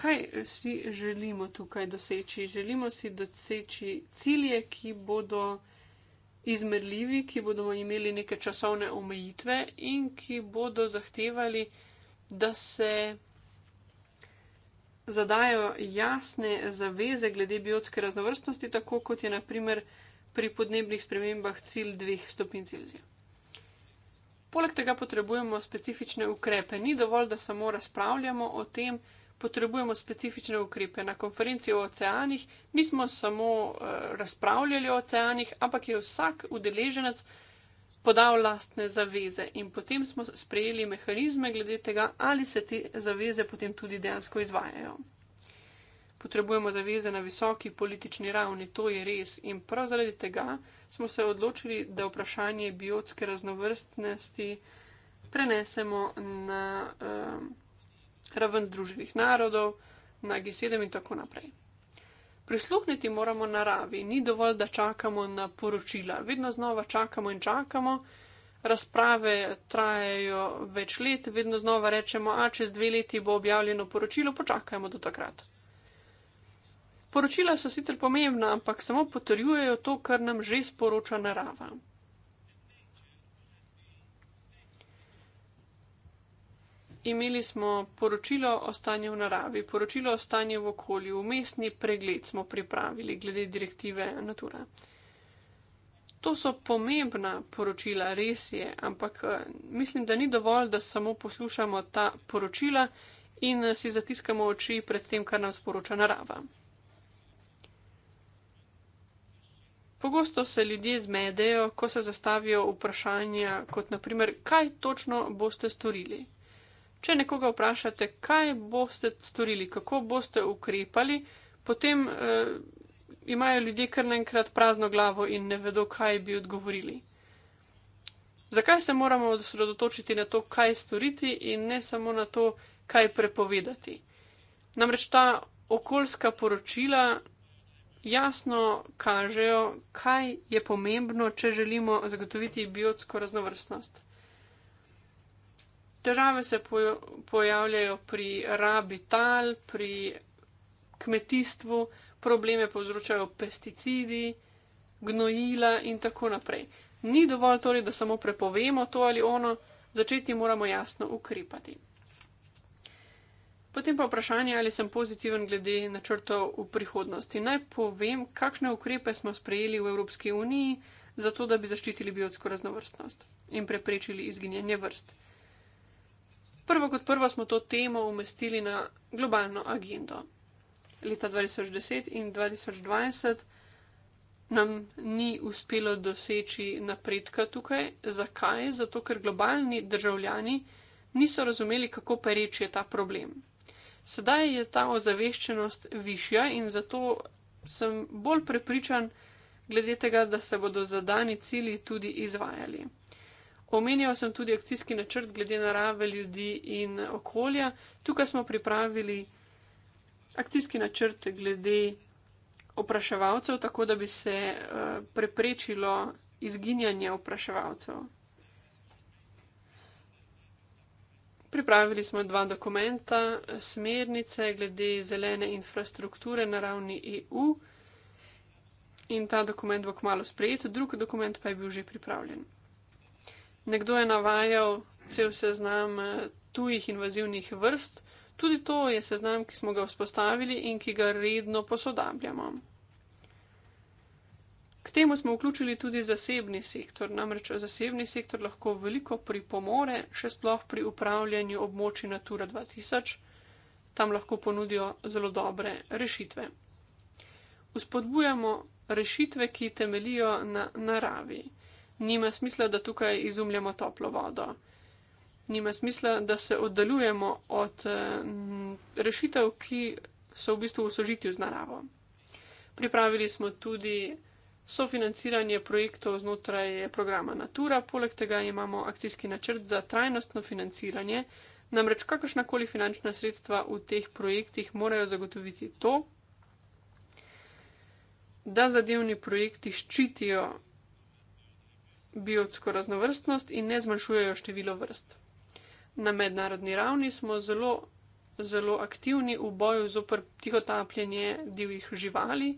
A: kaj si želimo tukaj doseči? Želimo si doseči cilje, ki bodo izmerljivi, ki bodo imeli neke časovne omejitve in ki bodo zahtevali, da se zadajo jasne zaveze glede biotske raznovrstnosti, tako kot je naprimer pri podnebnih spremembah cilj 2 stopinj Celzija. Poleg tega potrebujemo specifične ukrepe. Ni dovolj, da samo razpravljamo o tem, potrebujemo specifične ukrepe. Na konferenci o oceanih nismo samo uh, razpravljali o oceanih, ampak je vsak udeleženec podal lastne zaveze in potem smo sprejeli mehanizme glede tega, ali se te zaveze potem tudi dejansko izvajajo. Potrebujemo zaveze na visoki politični ravni, to je res. In prav zaradi tega smo se odločili, da vprašanje biotske raznovrstnosti prenesemo na um, raven Združenih narodov, na G7 in tako naprej. Prisluhniti moramo naravi, ni dovolj, da čakamo na poročila, vedno znova čakamo in čakamo. Razprave trajajo več let, vedno znova rečemo, a čez dve leti bo objavljeno poročilo, počakajmo do takrat. Poročila so sicer pomembna, ampak samo potrjujejo to, kar nam že sporoča narava. Imeli smo poročilo o stanju v naravi, poročilo o stanju v okolju, umestni pregled smo pripravili glede direktive Natura. To so pomembna poročila, res je, ampak eh, mislim, da ni dovolj, da samo poslušamo ta poročila in eh, si zatiskamo oči pred tem, kar nam sporoča narava. Pogosto se ljudje zmedejo, ko se zastavijo vprašanja, kot naprimer, kaj točno boste storili. Če nekoga vprašate, kaj boste storili, kako boste ukrepali, potem eh, imajo ljudje kar naenkrat prazno glavo in ne vedo, kaj bi odgovorili. Zakaj se moramo osredotočiti na to, kaj storiti in ne samo na to, kaj prepovedati? Namreč ta okoljska poročila jasno kažejo, kaj je pomembno, če želimo zagotoviti biotsko raznovrstnost težave se pojo, pojavljajo pri rabi tal, pri kmetijstvu, probleme povzročajo pesticidi, gnojila in tako naprej. Ni dovolj torej, da samo prepovemo to ali ono, začeti moramo jasno ukrepati. Potem pa vprašanje, ali sem pozitiven glede načrtov v prihodnosti. Naj povem, kakšne ukrepe smo sprejeli v Evropski uniji, zato da bi zaščitili biotsko raznovrstnost in preprečili izginjanje vrst. Prvo kot prvo smo to temo umestili na globalno agendo. Leta 2010 in 2020 nam ni uspelo doseči napredka tukaj. Zakaj? Zato, ker globalni državljani niso razumeli, kako pereč je ta problem. Sedaj je ta ozaveščenost višja in zato sem bolj prepričan glede tega, da se bodo zadani cilji tudi izvajali. Omenjal sem tudi akcijski načrt glede narave, ljudi in okolja. Tukaj smo pripravili akcijski načrt glede opraševalcev, tako da bi se uh, preprečilo izginjanje opraševalcev. Pripravili smo dva dokumenta, smernice glede zelene infrastrukture na ravni EU in ta dokument bo kmalo sprejet, drugi dokument pa je bil že pripravljen. Nekdo je navajal cel seznam eh, tujih invazivnih vrst, tudi to je seznam, ki smo ga vzpostavili in ki ga redno posodabljamo. K temu smo vključili tudi zasebni sektor, namreč zasebni sektor lahko veliko pripomore, še sploh pri upravljanju območja Natura 2000, tam lahko ponudijo zelo dobre rešitve. Uspodbujamo rešitve, ki temelijo na naravi nima smisla, da tukaj izumljamo toplo vodo. Nima smisla, da se oddaljujemo od eh, rešitev, ki so v bistvu v sožitju z naravo. Pripravili smo tudi sofinanciranje projektov znotraj programa Natura, poleg tega imamo akcijski načrt za trajnostno financiranje, namreč kakršnakoli finančna sredstva v teh projektih morajo zagotoviti to, da zadevni projekti ščitijo biotsko raznovrstnost in ne zmanjšujejo število vrst. Na mednarodni ravni smo zelo, zelo aktivni v boju zoper tihotapljenje divjih živali.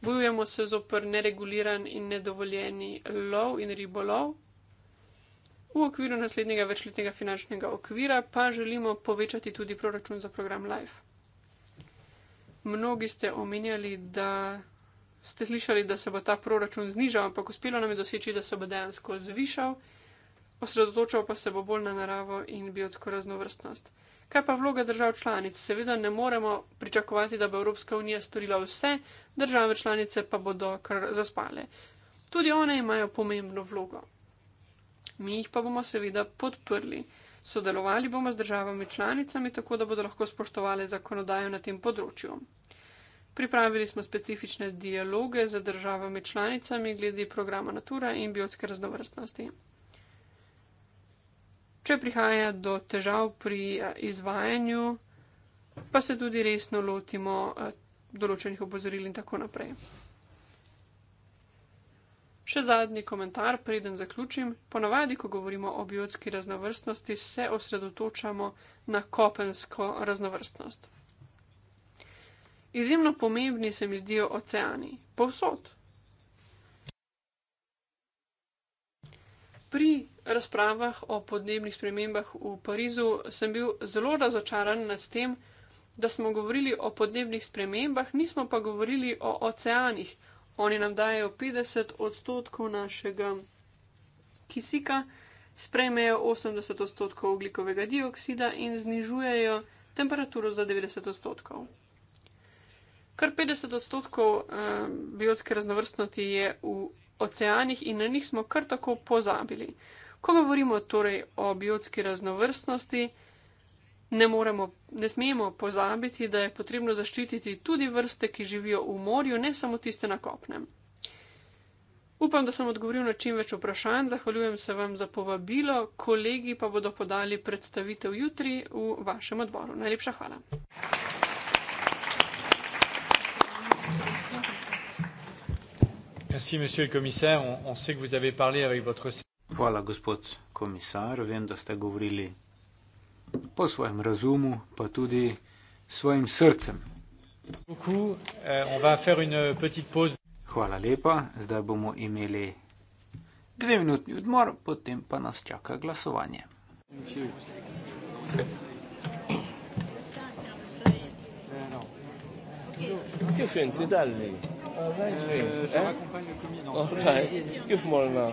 A: Bojujemo se zoper nereguliran in nedovoljeni lov in ribolov. V okviru naslednjega večletnega finančnega okvira pa želimo povečati tudi proračun za program Life. Mnogi ste omenjali, da ste slišali, da se bo ta proračun znižal, ampak uspelo nam je doseči, da se bo dejansko zvišal, osredotočal pa se bo bolj na naravo in biotsko raznovrstnost. Kaj pa vloga držav članic? Seveda ne moremo pričakovati, da bo Evropska unija storila vse, države članice pa bodo kar zaspale. Tudi one imajo pomembno vlogo. Mi jih pa bomo seveda podprli. Sodelovali bomo z državami članicami, tako da bodo lahko spoštovali zakonodajo na tem področju. Pripravili smo specifične dialoge z državami članicami glede programa Natura in biotske raznovrstnosti. Če prihaja do težav pri eh, izvajanju, pa se tudi resno lotimo eh, določenih opozoril in tako naprej. Še zadnji komentar, preden zaključim. Ponavadi, ko govorimo o biotski raznovrstnosti, se osredotočamo na kopensko raznovrstnost. Izjemno pomembni se mi zdijo oceani, povsod. Pri razpravah o podnebnih spremembah v Parizu sem bil zelo razočaran nad tem, da smo govorili o podnebnih spremembah, nismo pa govorili o oceanih. Oni nam dajo 50 odstotkov našega kisika, sprejmejo 80 odstotkov oglikovega dioksida in znižujejo temperaturo za 90 odstotkov. Kar 50 odstotkov eh, biotske raznovrstnosti je v oceanih in na njih smo kar tako pozabili. Ko govorimo torej o biotski raznovrstnosti, ne, moremo, ne smemo pozabiti, da je potrebno zaščititi tudi vrste, ki živijo v morju, ne samo tiste na kopnem. Upam, da sem odgovoril na čim več vprašanj, zahvaljujem se vam za povabilo, kolegi pa bodo podali predstavitev jutri v vašem odboru. Najlepša hvala.
B: Merci, monsieur le commissaire. On, on sait que vous avez parlé avec votre. Hvala, gospod komisar. Vem, da ste govorili po svojem razumu, pa tudi svojim srcem. Euh, Hvala lepa. Zdaj bomo imeli dve minutni odmor, potem pa nas čaka glasovanje.
A: Hvala.
C: Que finti dalli? Eh? Ok, che molna?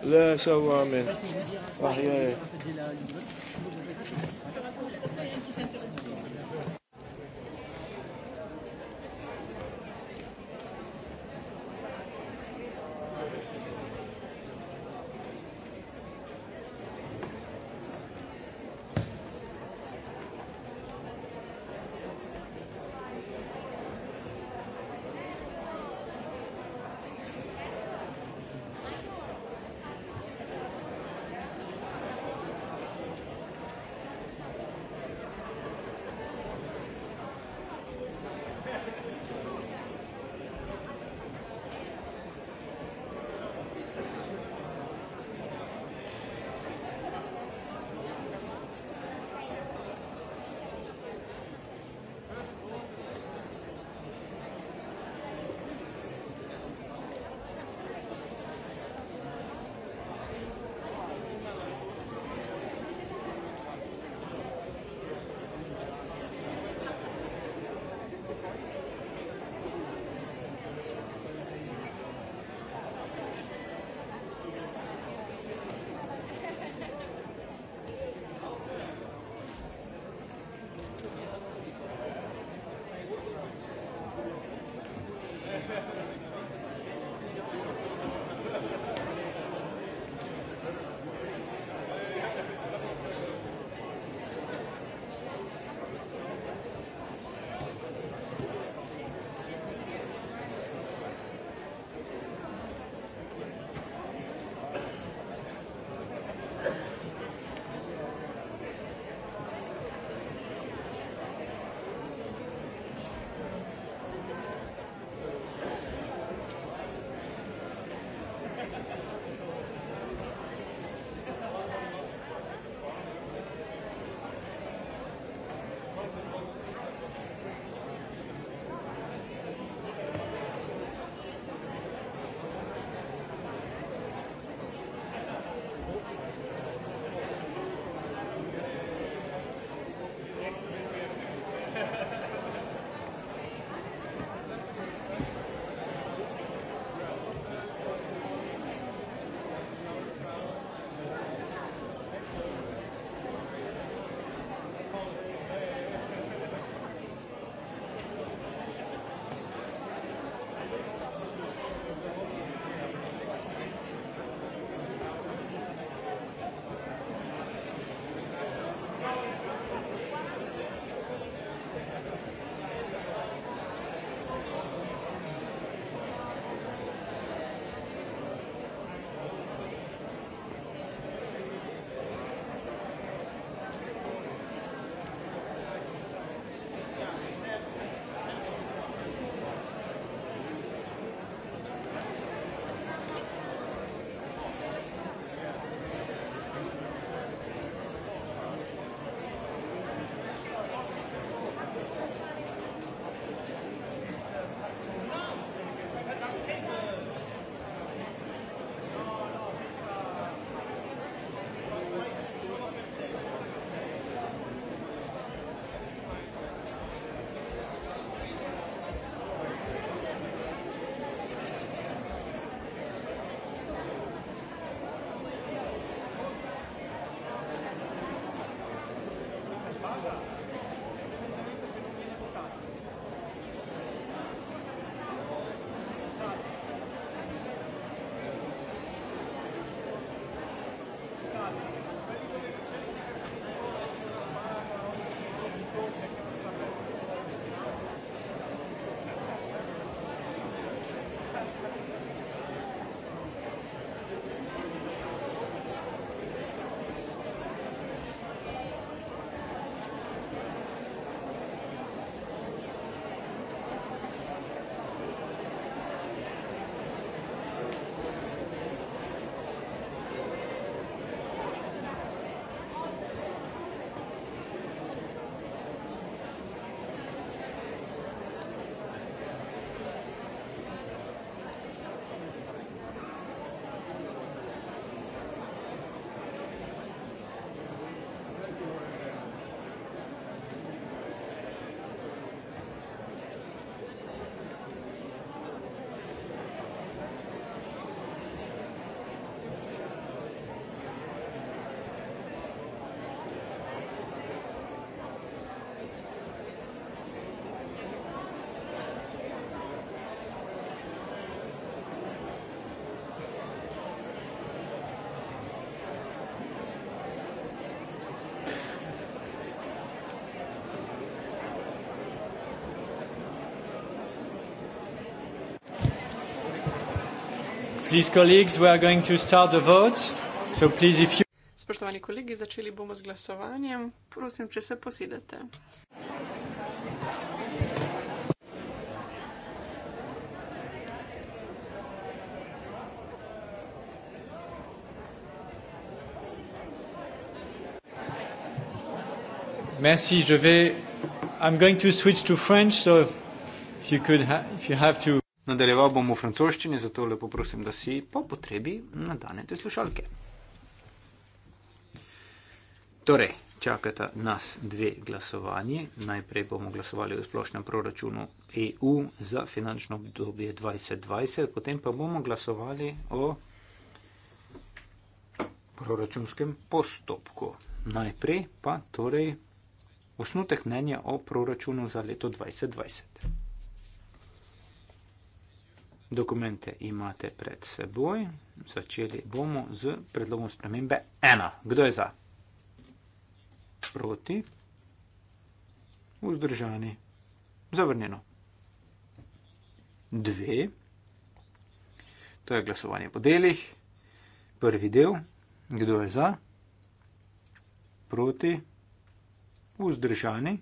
A: Le savo a me. Ah, yeah. Spoštovani kolegi, začeli bomo z glasovanjem. Prosim, če se posedete.
B: Merci, je vais. I'm going to switch to French, so if you could, ha if you have to Nadaljeval bom v francoščini, zato lepo prosim, da si po potrebi nadanete slušalke. Torej, čakata nas dve glasovanji. Najprej bomo glasovali o splošnem proračunu EU za finančno obdobje 2020, potem pa bomo glasovali o proračunskem postopku. Najprej pa torej osnutek mnenja o proračunu za leto 2020 dokumente imate pred seboj. Začeli bomo z predlogom spremembe 1. Kdo je za? Proti. Vzdržani. Zavrnjeno. 2. To je glasovanje po delih. Prvi del. Kdo je za? Proti. Vzdržani.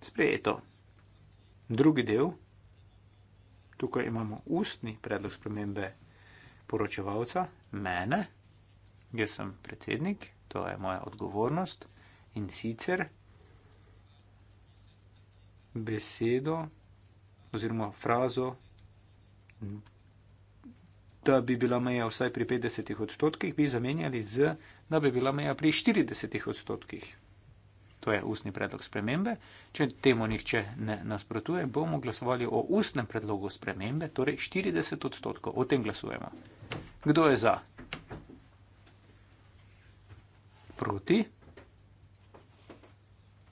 B: Sprejeto. Drugi del. Tukaj imamo ustni predlog spremembe poročevalca, mene, jaz sem predsednik, to je moja odgovornost in sicer besedo oziroma frazo, da bi bila meja vsaj pri 50 odstotkih, bi zamenjali z, da bi bila meja pri 40 odstotkih. To je ustni predlog spremembe. Če temu nihče ne nasprotuje, bomo glasovali o ustnem predlogu spremembe, torej 40 odstotkov. O tem glasujemo. Kdo je za? Proti?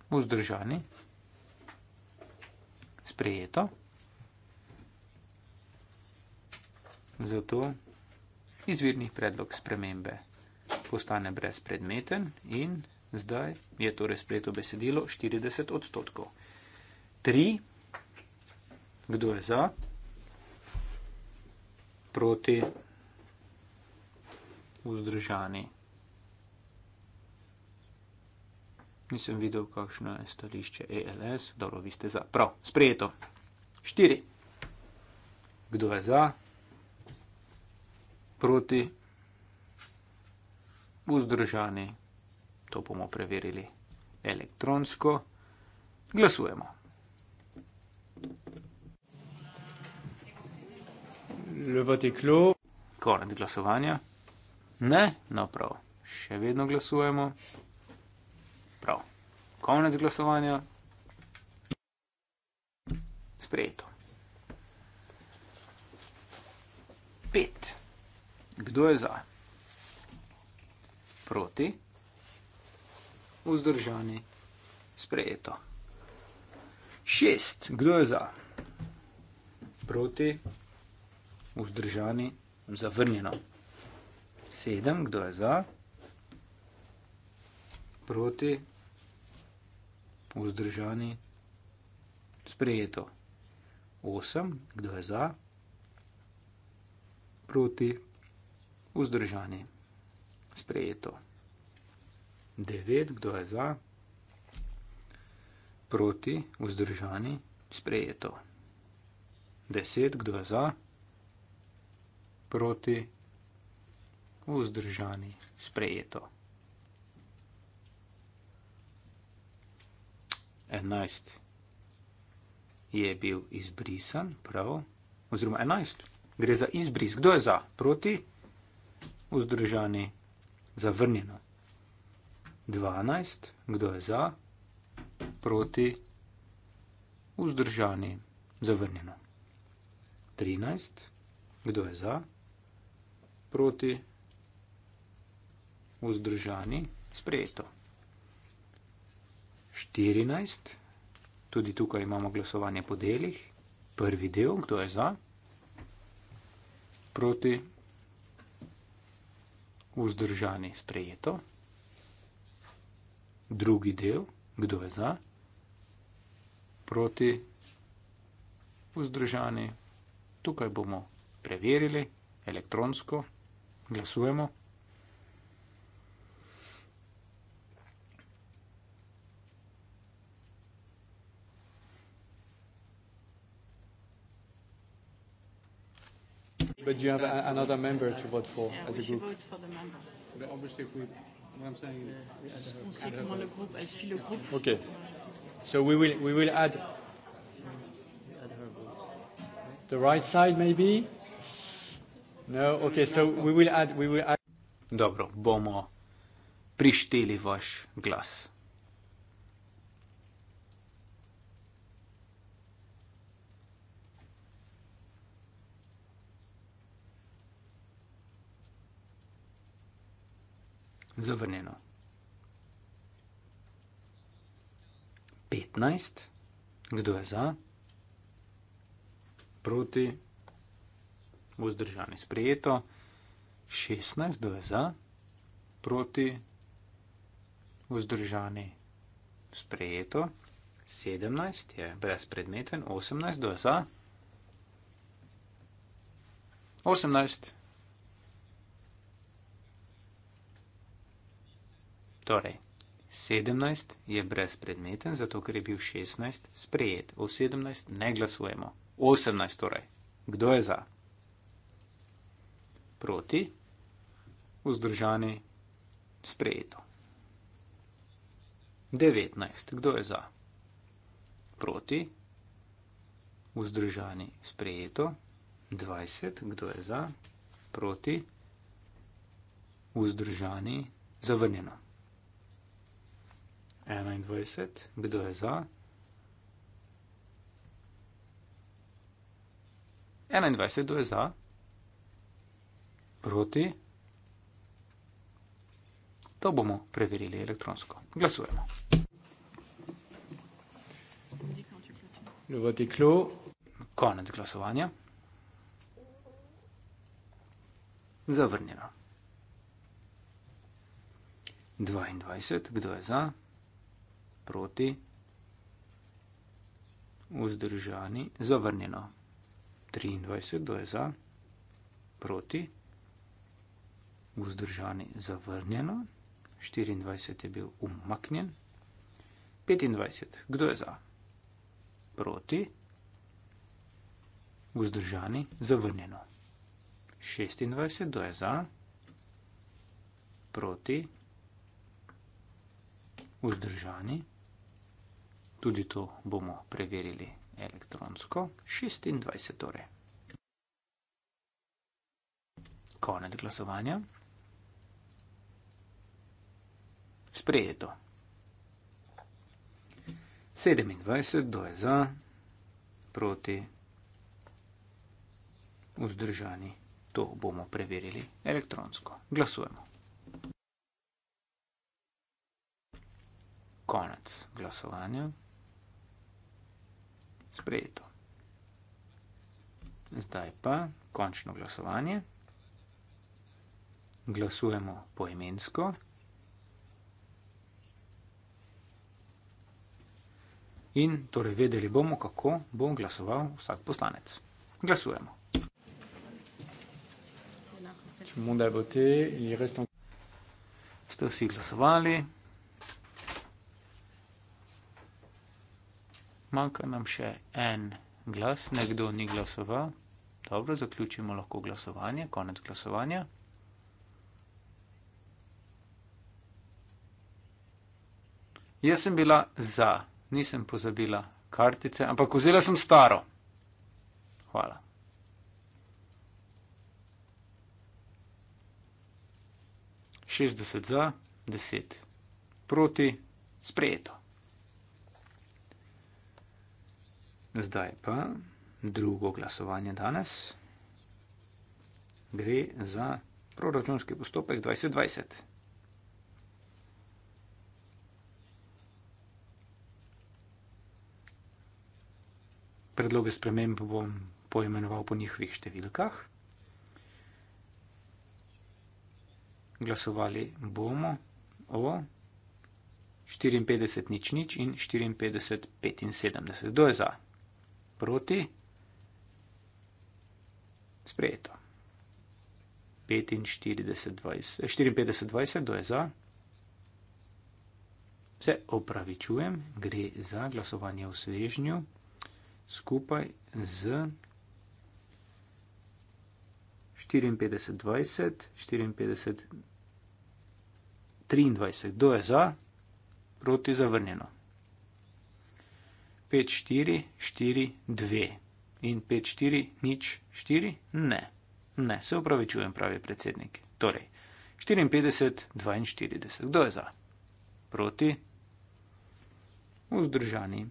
B: Vzdržani? Sprejeto? Zato izvirni predlog spremembe postane brezpredmeten in. Zdaj je torej spleto besedilo 40 odstotkov. 3. Kdo je za? Proti? Vzdržani? Nisem videl, kakšno je stališče ELS. Dobro, vi ste za. Prav, sprejeto. 4. Kdo je za? Proti? Vzdržani? to bomo preverili elektronsko, glasujemo. Konec glasovanja. Ne, no prav, še vedno glasujemo. Prav, konec glasovanja. Sprejeto. Pet. Kdo je za? Proti? vzdržani, sprejeto. Šest, kdo je za? Proti, vzdržani, zavrnjeno. Sedem, kdo je za? Proti, vzdržani, sprejeto. Osem, kdo je za? Proti, vzdržani, sprejeto. 9, kdo je za, proti, vzdržani, sprejeto. 10, kdo je za, proti, vzdržani, sprejeto. 11 je bil izbrisan, prav, oziroma 11, gre za izbris, kdo je za, proti, vzdržani, zavrnjeno. 12, kdo je za, proti, vzdržani, zavrnjeno. 13, kdo je za, proti, vzdržani, sprejeto. 14, tudi tukaj imamo glasovanje po delih, prvi del, kdo je za, proti, vzdržani, sprejeto. 15, drugi del, kdo je za, proti vzdržani. Tukaj bomo preverili elektronsko, glasujemo. But you have a, another member to vote for yeah, as a group. Yeah, we should vote for the member. But
A: obviously, if we I'm saying is kind of a group, I feel a group.
B: Okay. So we will we will add the right side maybe? No, okay, so we will add we will add Dobro, bomo prišteli vaš glas. zavrnjeno. 15. Kdo je za? Proti. Vzdržani. Sprejeto. 16. Kdo je za? Proti. Vzdržani. Sprejeto. 17 je brezpredmeten, 18 do za. 18 Torej, 17 je brezpredmeten, zato ker je bil 16 sprejet. O 17 ne glasujemo. 18 torej. Kdo je za? Proti? Vzdržani? Sprejeto. 19. Kdo je za? Proti? Vzdržani? Sprejeto. 20. Kdo je za? Proti? Vzdržani? Zavrnjeno. 21. Kdo je za? 21. Kdo je za? Proti? To bomo preverili elektronsko. Glasujemo. Ljubati klu. Konec glasovanja. Zavrnjeno. 22. Kdo je za? proti, vzdržani, zavrnjeno. 23, kdo je za, proti, vzdržani, zavrnjeno. 24 je bil umaknjen. 25, kdo je za, proti, vzdržani, zavrnjeno. 26, kdo je za, proti, vzdržani, zavrnjeno. Tudi to bomo preverili elektronsko, 26. Torej. Konec glasovanja. Sprejeto. 27, kdo je za, proti, vzdržani. To bomo preverili elektronsko. Glasujemo. Konec glasovanja sprejeto. Zdaj pa končno glasovanje. Glasujemo poimensko. In torej vedeli bomo, kako bo glasoval vsak poslanec. Glasujemo. Ste vsi glasovali? Manjka nam še en glas, nekdo ni glasoval. Dobro, zaključimo lahko glasovanje, konec glasovanja. Jaz sem bila za, nisem pozabila kartice, ampak vzela sem staro. Hvala. Šestdeset za, deset proti, sprejeto. Zdaj pa drugo glasovanje danes gre za proračunski postopek 2020. Predloge sprememb bom poimenoval po njihovih številkah. Glasovali bomo o 54 nič nič in 54 75. Kdo je za? proti, sprejeto. 54-20, eh, do je za, se opravičujem, gre za glasovanje v svežnju skupaj z 54-20, 54-23, do je za, proti zavrnjeno. 54-20. 5, 4, 4, 2. In 5, 4, nič, 4? Ne, ne, se upravičujem, pravi predsednik. Torej, 54, 42. Kdo je za? Proti? Vzdržani.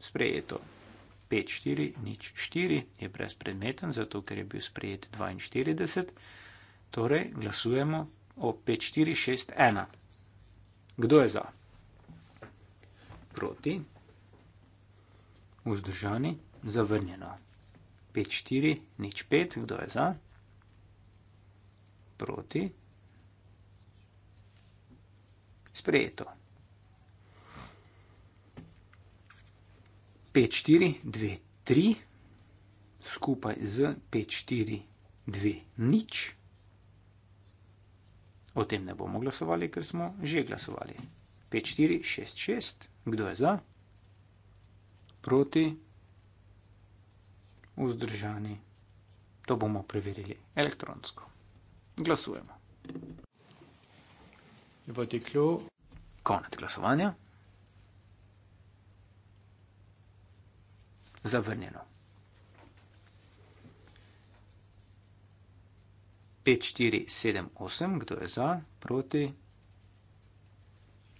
B: Sprejeto. 5, 4, nič, 4 je brezpredmeten, zato ker je bil sprejet 42. Torej, glasujemo o 5, 4, 6, 1. Kdo je za? Proti? vzdržani, zavrnjeno. 5, 4, nič 5, kdo je za? Proti. Sprejeto. 5, 4, 2, 3, skupaj z 5, 4, 2, nič. O tem ne bomo glasovali, ker smo že glasovali. 5, 4, 6, 6, kdo je za? 5, 4, 6, 6 proti, vzdržani. To bomo preverili elektronsko. Glasujemo. Je poteklo. Konec glasovanja. Zavrnjeno. 5, 4, 7, 8, kdo je za, proti,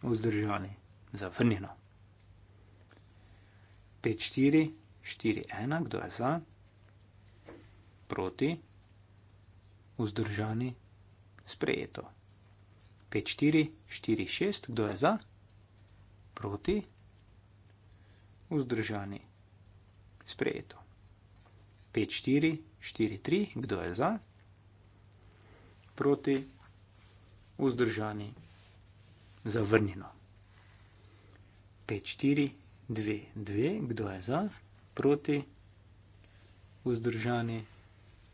B: vzdržani, zavrnjeno. 5-4-4-1, kdo je za, proti, vzdržani, sprejeto. 5-4-4-6, kdo je za, proti, vzdržani, sprejeto. 5-4-4-3, kdo je za, proti, vzdržani, zavrnjeno. 5-4-4-3. 2, 2, kdo je za, proti, vzdržani,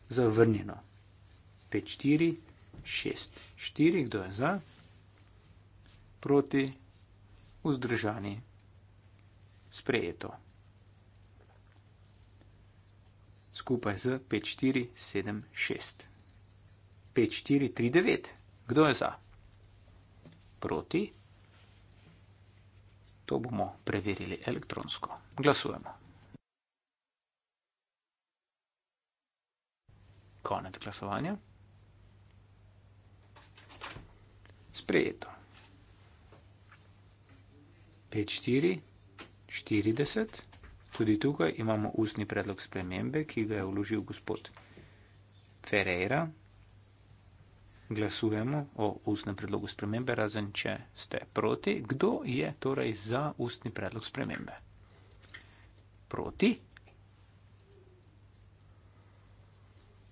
B: zavrnjeno. 5, 4, 6, 4, kdo je za, proti, vzdržani, sprejeto. Skupaj z 5, 4, 7, 6. 5, 4, 3, 9, kdo je za, proti, vzdržani. To bomo preverili elektronsko. Glasujemo. Konec glasovanja. Sprejeto. 5, 4, 40. Tudi tukaj imamo ustni predlog spremembe, ki ga je vložil gospod Ferreira glasujemo o ustnem predlogu spremembe, razen če ste proti. Kdo je torej za ustni predlog spremembe? Proti?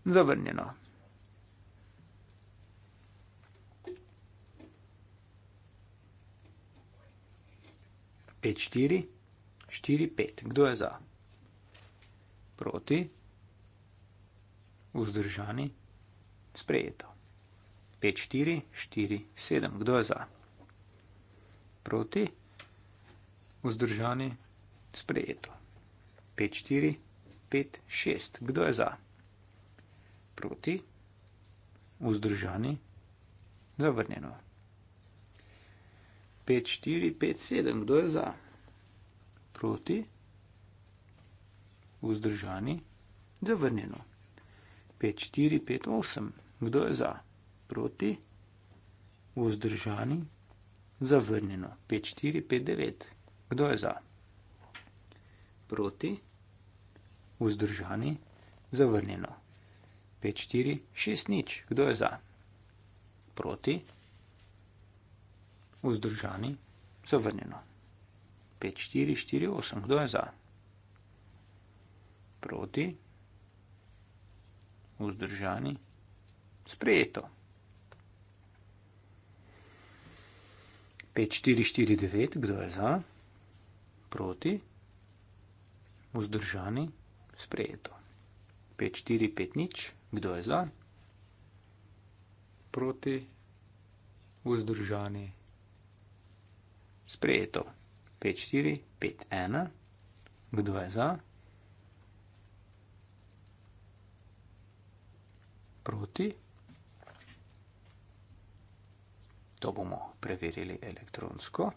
B: Zavrnjeno. Pet štiri, štiri pet. Kdo je za? Proti? Vzdržani? Sprejeto. 5-4-4-7. Kdo je za? Proti? Vzdržani? Sprejeto. 5-4-5-6. Kdo je za? Proti? Vzdržani? Zavrnjeno. 5-4-5-7. Kdo je za? Proti? Vzdržani? Zavrnjeno. 5-4-5-8. Kdo je za? Proti? proti, vzdržani, zavrnjeno, 5459. Kdo je za? Proti, vzdržani, zavrnjeno, 5460. Kdo je za? Proti, vzdržani, zavrnjeno, 5448. Kdo je za? Proti, vzdržani, sprejeto. 5449, kdo je za, proti, vzdržani, sprejeto. 5450, kdo je za, proti, vzdržani, sprejeto. 5451, kdo je za, proti, vzdržani, sprejeto. To bomo preverili elektronsko.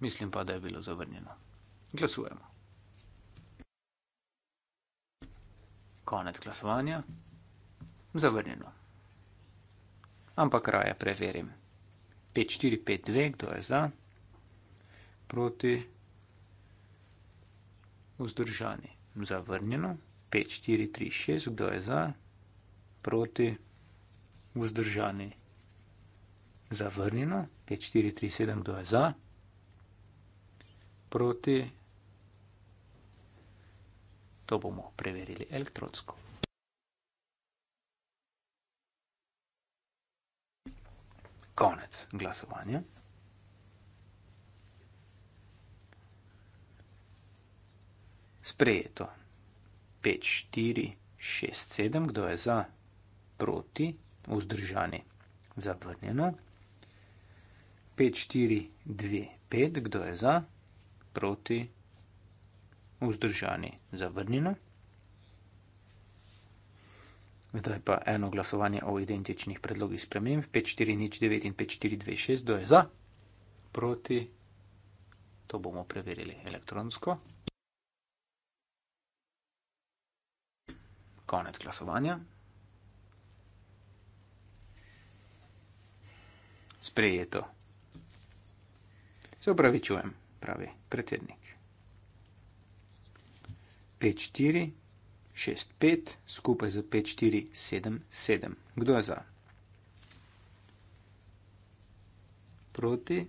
B: Mislim pa, da je bilo zavrnjeno. Glasujemo. Konec glasovanja. Zavrnjeno. Ampak raje preverim. 5452, kdo je za, proti, vzdržani. Zavrnjeno. 5436, kdo je za, proti, vzdržani zavrnjeno, 5437 kdo je za, proti, to bomo preverili elektronsko. Konec glasovanja. Sprejeto 5, 4, 6, 7, kdo je za, proti, vzdržani, zavrnjeno, 5, 4, 2, 5, kdo je za, proti, vzdržani, zavrnjeno. Zdaj pa eno glasovanje o identičnih predlogih sprememb, 5, 4, 0, 9 in 5, 4, 2, 6, kdo je za, proti, to bomo preverili elektronsko. Konec glasovanja. Sprejeto. Se upravičujem, pravi predsednik. 5-4-6-5 skupaj z 5-4-7-7. Kdo je za? Proti?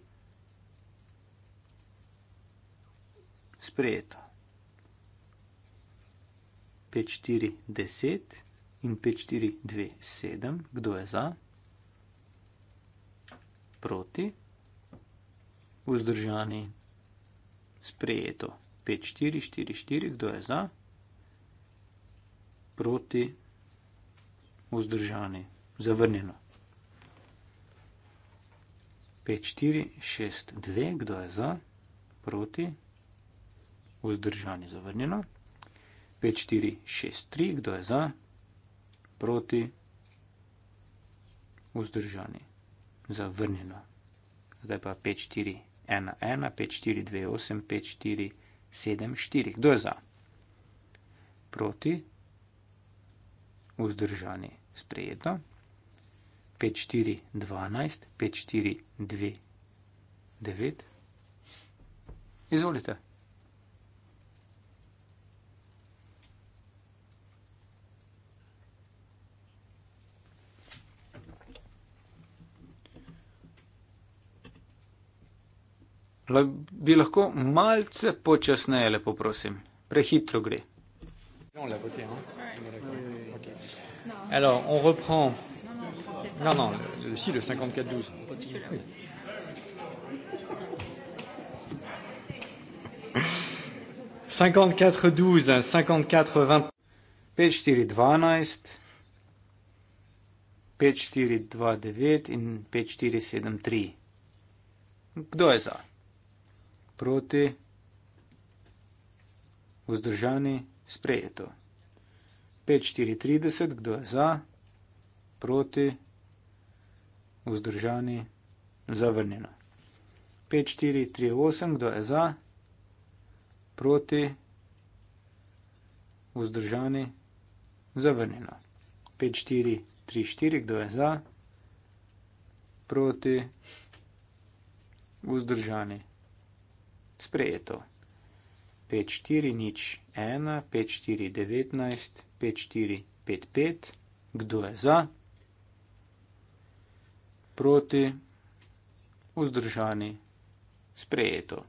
B: Sprejeto. 5-4-10 in 5-4-2-7. Kdo je za? Proti? 5-4-10 vzdržani, sprejeto 5, 4, 4, 4, kdo je za, proti, vzdržani, zavrnjeno. 5, 4, 6, 2, kdo je za, proti, vzdržani, zavrnjeno. 5, 4, 6, 3, kdo je za, proti, vzdržani, zavrnjeno. Zdaj pa 5, 4, 6, 2. 1-1-5-4-2-8-5-4-7-4. Kdo je za? Proti, vzdržani, sprejeto. 5-4-12, 5-4-2-9. Izvolite. La, bi lahko malce počasneje, lepo prosim. Prehitro gre. Pet štiri dvanajst, pet štiri dva devet in pet štiri sedem tri. Kdo je za? proti, vzdržani, sprejeto. 5.4.30, kdo je za, proti, vzdržani, zavrnjeno. 5.4.3.8, kdo je za, proti, vzdržani, zavrnjeno. 5.4.3.4, kdo je za, proti, vzdržani, zavrnjeno sprejeto. 5401, 5419, 5455, kdo je za, proti, vzdržani, sprejeto.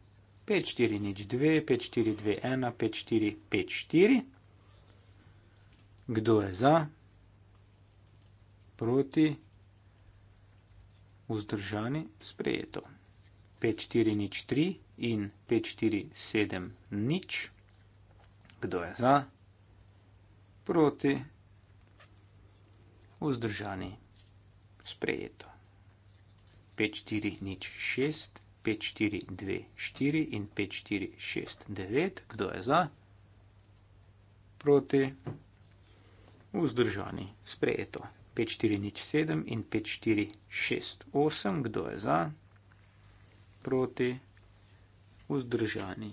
B: 5402, 5421, 5454, kdo je za, proti, vzdržani, sprejeto. 5403, in 547 nič. Kdo je za? Proti. Vzdržani. Sprejeto. 5406, 5424 in 5469. Kdo je za? Proti. Vzdržani. Sprejeto. 5407 in 5468. Kdo je za? Proti vzdržani.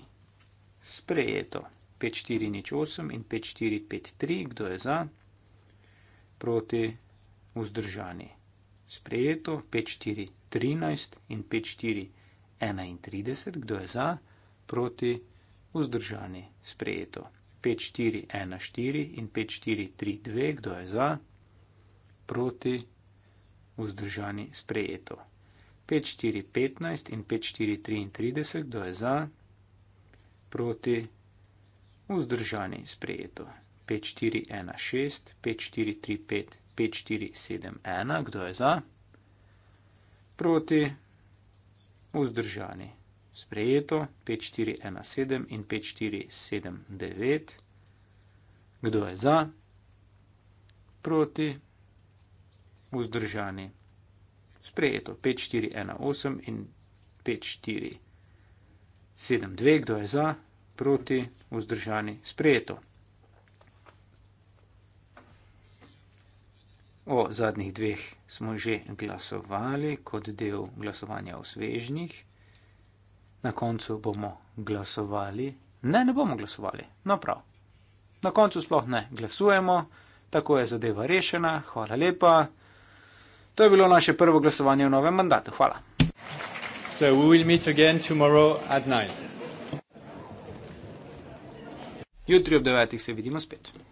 B: Sprejeto. 5408 in 5453, kdo je za, proti vzdržani. Sprejeto. 5413 in 5431, kdo je za, proti vzdržani. Sprejeto. 5414 in 5432, kdo je za, proti vzdržani. Sprejeto. 5415 in 5433, kdo je za, proti, vzdržani, sprejeto. 5416, 5435, 5471, kdo je za, proti, vzdržani, sprejeto. 5417 in 5479, kdo je za, proti, vzdržani, sprejeto sprejeto 5-4-1-8 in 5-4-7-2, kdo je za, proti, vzdržani, sprejeto. O zadnjih dveh smo že glasovali kot del glasovanja o svežnjih. Na koncu bomo glasovali. Ne, ne bomo glasovali. No prav. Na koncu sploh ne glasujemo. Tako je zadeva rešena. Hvala lepa. To je bilo naše prvo glasovanje v novem mandatu. Hvala. So we will meet again tomorrow at night. Jutri ob 9.00 se vidimo spet.